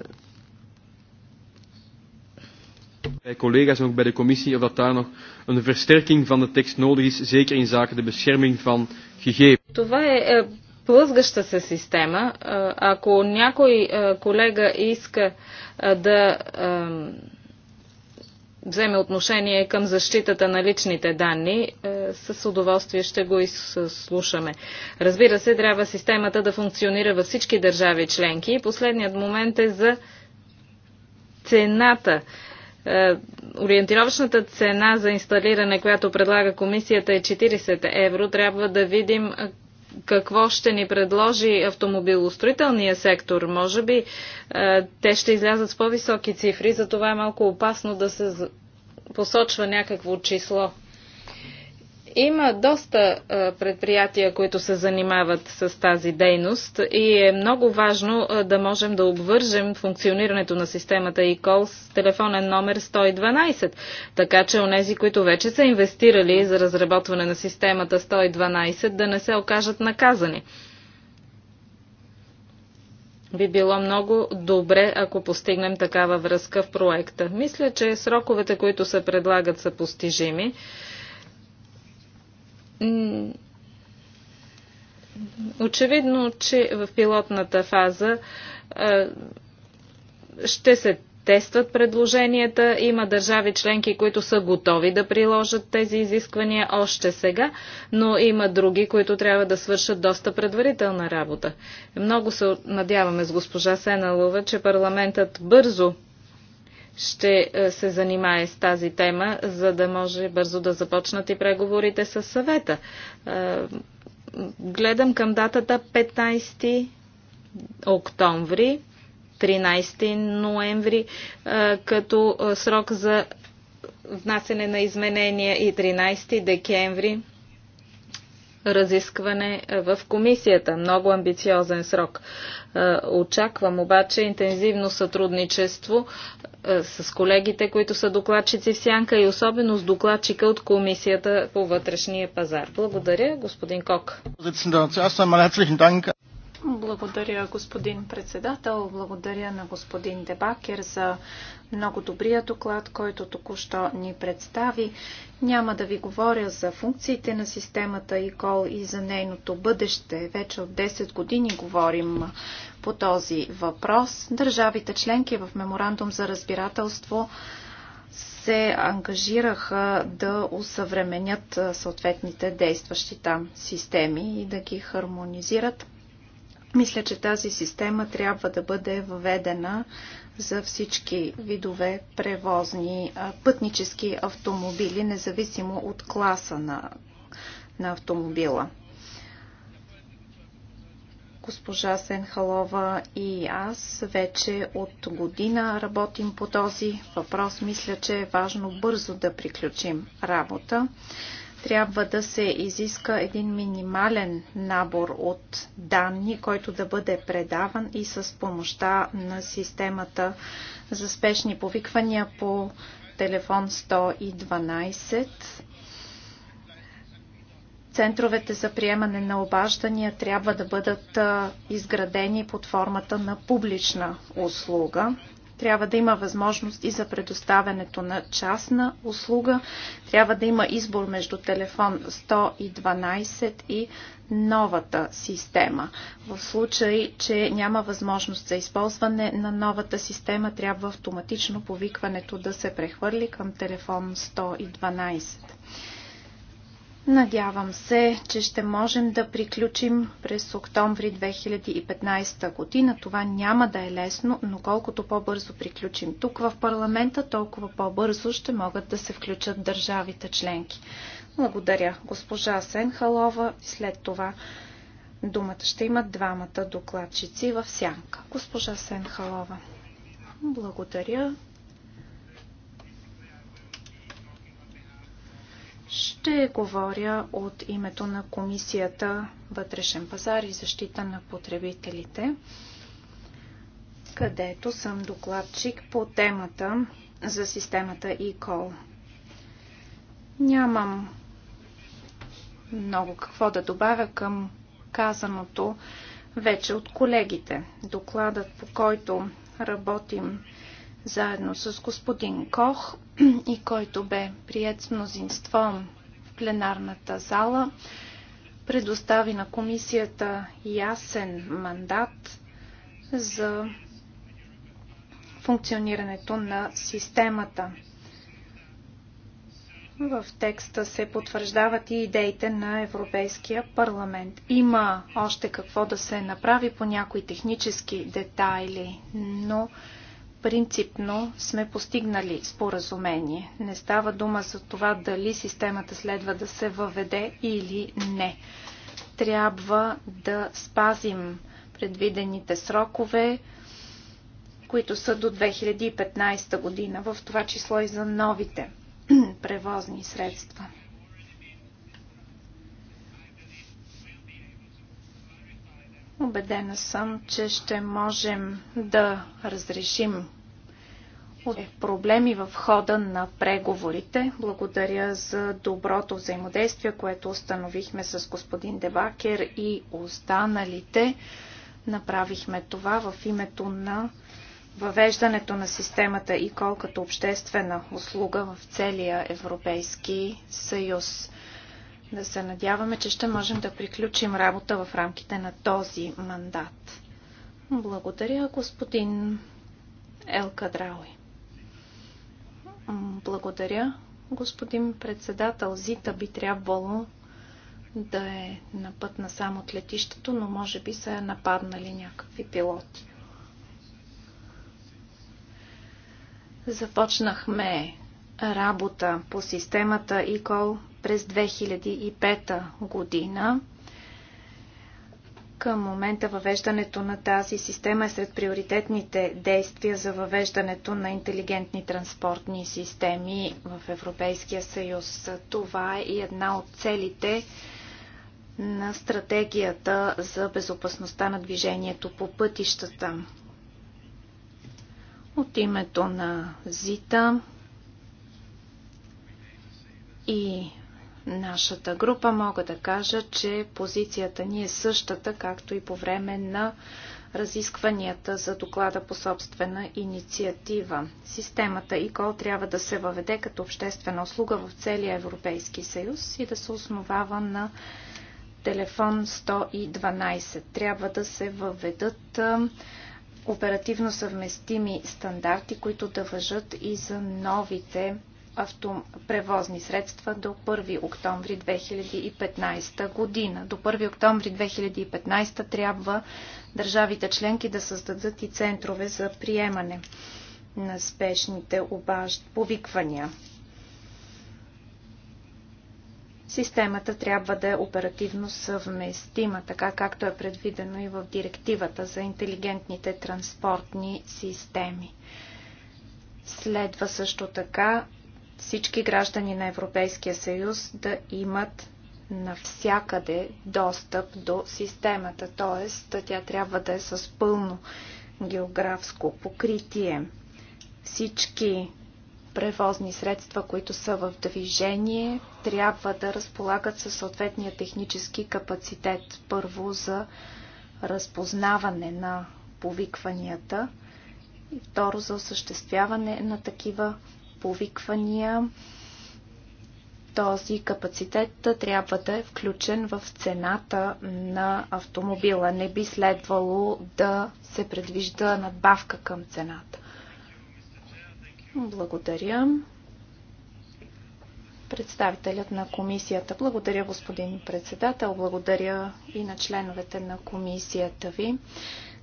bij collega's en ook bij de commissie of dat daar nog een versterking van de tekst nodig is, zeker in zaken de bescherming van gegevens. Това е, е плъзгаща се система. Ако някой е, колега иска е, да вземе отношение към защитата на личните данни, е, с удоволствие ще го изслушаме. Разбира се, трябва системата да функционира във всички държави членки. И последният момент е за цената. Е, ориентировъчната цена за инсталиране, която предлага комисията е 40 евро. Трябва да видим какво ще ни предложи автомобилостроителния сектор. Може би е, те ще излязат с по-високи цифри, затова е малко опасно да се посочва някакво число. Има доста предприятия, които се занимават с тази дейност и е много важно да можем да обвържем функционирането на системата eCall с телефонен номер 112, така че онези, които вече са инвестирали за разработване на системата 112, да не се окажат наказани. Би било много добре, ако постигнем такава връзка в проекта. Мисля, че сроковете, които се предлагат, са постижими. Очевидно, че в пилотната фаза ще се тестват предложенията. Има държави членки, които са готови да приложат тези изисквания още сега, но има други, които трябва да свършат доста предварителна работа. Много се надяваме с госпожа Сенелова, че парламентът бързо ще е, се занимае с тази тема, за да може бързо да започнат и преговорите с съвета. Е, гледам към датата 15 октомври, 13 ноември, е, като срок за внасене на изменения и 13 декември разискване в комисията. Много амбициозен срок. Очаквам обаче интензивно сътрудничество с колегите, които са докладчици в Сянка и особено с докладчика от комисията по вътрешния пазар. Благодаря, господин Кок. Благодаря, господин председател. Благодаря на господин Дебакер за много добрия доклад, който току-що ни представи. Няма да ви говоря за функциите на системата ИКОЛ и за нейното бъдеще. Вече от 10 години говорим по този въпрос. Държавите членки в меморандум за разбирателство се ангажираха да усъвременят съответните действащи там системи и да ги хармонизират мисля, че тази система трябва да бъде въведена за всички видове превозни пътнически автомобили, независимо от класа на, на автомобила. Госпожа Сенхалова и аз вече от година работим по този въпрос. Мисля, че е важно бързо да приключим работа трябва да се изиска един минимален набор от данни, който да бъде предаван и с помощта на системата за спешни повиквания по телефон 112. Центровете за приемане на обаждания трябва да бъдат изградени под формата на публична услуга трябва да има възможност и за предоставянето на частна услуга, трябва да има избор между телефон 112 и новата система. В случай, че няма възможност за използване на новата система, трябва автоматично повикването да се прехвърли към телефон 112. Надявам се, че ще можем да приключим през октомври 2015 година. Това няма да е лесно, но колкото по-бързо приключим тук в парламента, толкова по-бързо ще могат да се включат държавите членки. Благодаря, госпожа Сенхалова. След това думата ще имат двамата докладчици в сянка. Госпожа Сенхалова. Благодаря. Ще говоря от името на Комисията Вътрешен пазар и защита на потребителите, където съм докладчик по темата за системата eCall. Нямам много какво да добавя към казаното вече от колегите. Докладът, по който работим заедно с господин Кох и който бе прият с мнозинство в пленарната зала, предостави на комисията ясен мандат за функционирането на системата. В текста се потвърждават и идеите на Европейския парламент. Има още какво да се направи по някои технически детайли, но принципно сме постигнали споразумение. Не става дума за това дали системата следва да се въведе или не. Трябва да спазим предвидените срокове, които са до 2015 година, в това число и за новите превозни средства. Обедена съм, че ще можем да разрешим от проблеми в хода на преговорите. Благодаря за доброто взаимодействие, което установихме с господин Дебакер и останалите. Направихме това в името на въвеждането на системата и колкото обществена услуга в целия Европейски съюз. Да се надяваме, че ще можем да приключим работа в рамките на този мандат. Благодаря, господин Елкадрауи. Благодаря, господин председател. Зита би трябвало да е на път на само от летището, но може би са нападнали някакви пилоти. Започнахме работа по системата ECOL през 2005 година. Към момента въвеждането на тази система е сред приоритетните действия за въвеждането на интелигентни транспортни системи в Европейския съюз. Това е и една от целите на стратегията за безопасността на движението по пътищата. От името на ЗИТА и нашата група, мога да кажа, че позицията ни е същата, както и по време на разискванията за доклада по собствена инициатива. Системата ИКОЛ трябва да се въведе като обществена услуга в целия Европейски съюз и да се основава на телефон 112. Трябва да се въведат оперативно съвместими стандарти, които да въжат и за новите Автопревозни средства до 1 октомври 2015 година. До 1 октомври 2015 трябва държавите членки да създадат и центрове за приемане на спешните обажд... повиквания. Системата трябва да е оперативно съвместима, така както е предвидено и в директивата за интелигентните транспортни системи. Следва също така всички граждани на Европейския съюз да имат навсякъде достъп до системата, т.е. тя трябва да е с пълно географско покритие. Всички превозни средства, които са в движение, трябва да разполагат със съответния технически капацитет. Първо за разпознаване на повикванията и второ за осъществяване на такива повиквания. Този капацитет трябва да е включен в цената на автомобила. Не би следвало да се предвижда надбавка към цената. Благодаря. Представителят на комисията. Благодаря, господин председател. Благодаря и на членовете на комисията ви.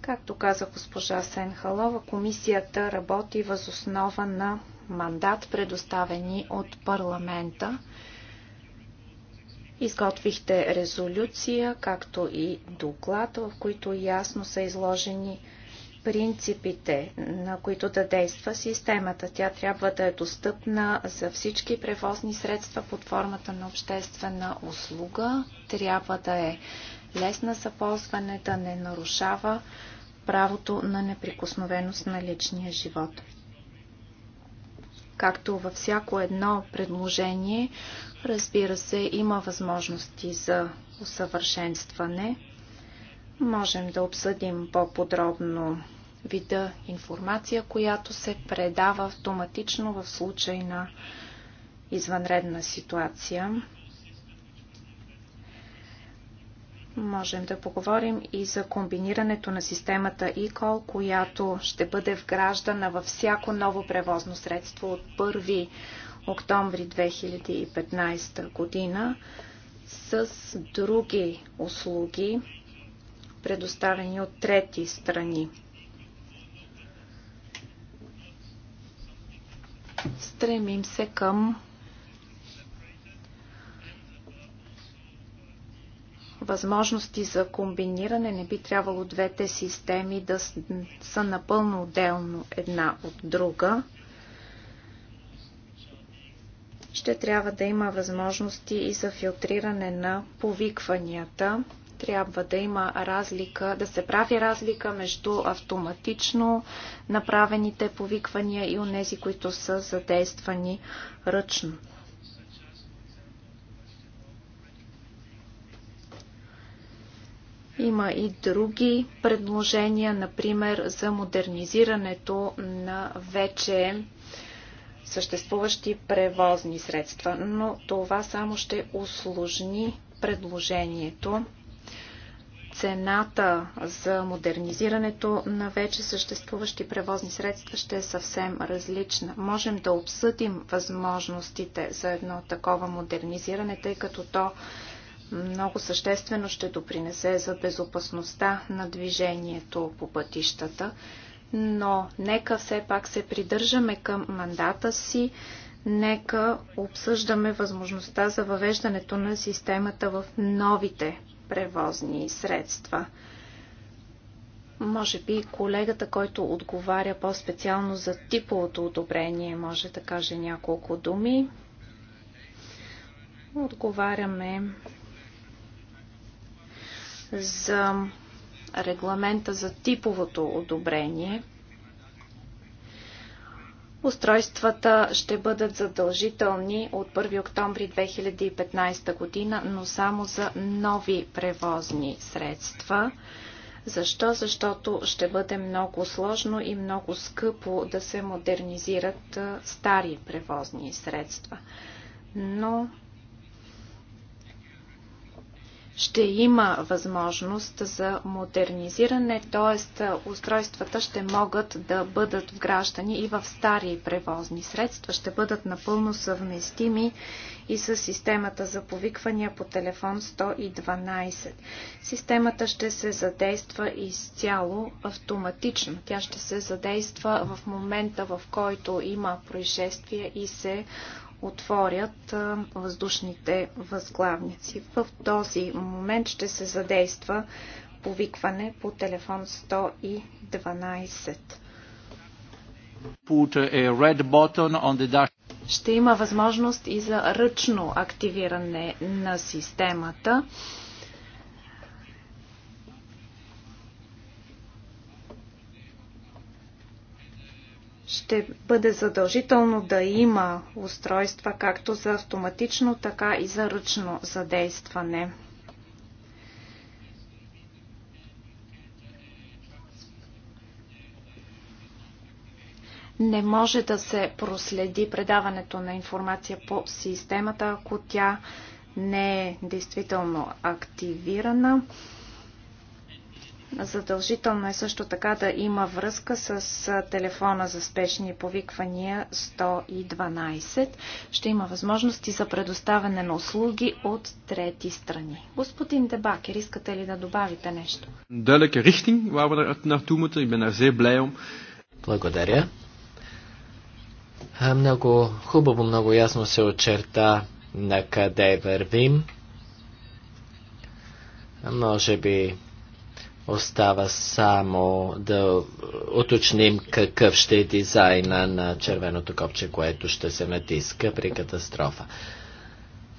Както каза госпожа Сенхалова, комисията работи възоснова на мандат, предоставени от парламента. Изготвихте резолюция, както и доклад, в които ясно са изложени принципите, на които да действа системата. Тя трябва да е достъпна за всички превозни средства под формата на обществена услуга. Трябва да е лесна за ползване, да не нарушава правото на неприкосновеност на личния живот. Както във всяко едно предложение, разбира се, има възможности за усъвършенстване. Можем да обсъдим по-подробно вида информация, която се предава автоматично в случай на извънредна ситуация. Можем да поговорим и за комбинирането на системата ECOL, която ще бъде вграждана във всяко ново превозно средство от 1 октомври 2015 година с други услуги, предоставени от трети страни. Стремим се към възможности за комбиниране. Не би трябвало двете системи да са напълно отделно една от друга. Ще трябва да има възможности и за филтриране на повикванията. Трябва да има разлика, да се прави разлика между автоматично направените повиквания и онези, които са задействани ръчно. Има и други предложения, например за модернизирането на вече съществуващи превозни средства, но това само ще усложни предложението. Цената за модернизирането на вече съществуващи превозни средства ще е съвсем различна. Можем да обсъдим възможностите за едно такова модернизиране, тъй като то много съществено ще допринесе за безопасността на движението по пътищата, но нека все пак се придържаме към мандата си, нека обсъждаме възможността за въвеждането на системата в новите превозни средства. Може би колегата, който отговаря по-специално за типовото одобрение, може да каже няколко думи. Отговаряме за регламента за типовото одобрение. Устройствата ще бъдат задължителни от 1 октомври 2015 година, но само за нови превозни средства. Защо? Защото ще бъде много сложно и много скъпо да се модернизират стари превозни средства. Но ще има възможност за модернизиране, т.е. устройствата ще могат да бъдат вграждани и в стари превозни средства, ще бъдат напълно съвместими и с системата за повиквания по телефон 112. Системата ще се задейства изцяло автоматично. Тя ще се задейства в момента, в който има происшествие и се отворят въздушните възглавници. В този момент ще се задейства повикване по телефон 112. Ще има възможност и за ръчно активиране на системата. ще бъде задължително да има устройства както за автоматично, така и за ръчно задействане. Не може да се проследи предаването на информация по системата, ако тя не е действително активирана. Задължително е също така да има връзка с телефона за спешни повиквания 112. Ще има възможности за предоставяне на услуги от трети страни. Господин Дебакер, искате ли да добавите нещо? Далека рихтинг, waar we er naartoe moeten. Ik ben daar zeer blij om. Благодаря. Много хубаво, много ясно се очерта на къде вървим. Може би Остава само да уточним какъв ще е дизайна на червеното копче, което ще се натиска при катастрофа.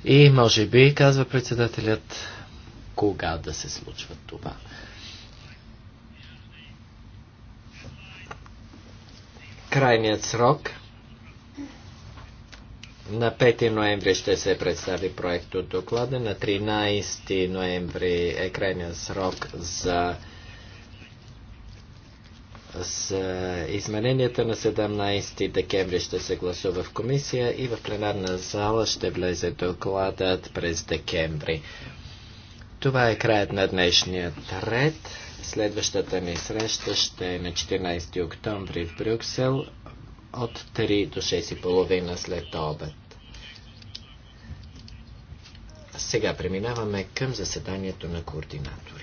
И може би, казва председателят, кога да се случва това. Крайният срок на 5 ноември ще се представи проект от доклада. На 13 ноември е крайният срок за с измененията на 17 декември ще се гласува в комисия и в пленарна зала ще влезе докладът през декември. Това е краят на днешния ред. Следващата ни среща ще е на 14 октомври в Брюксел от 3 до 6 и половина след обед. Сега преминаваме към заседанието на координатора.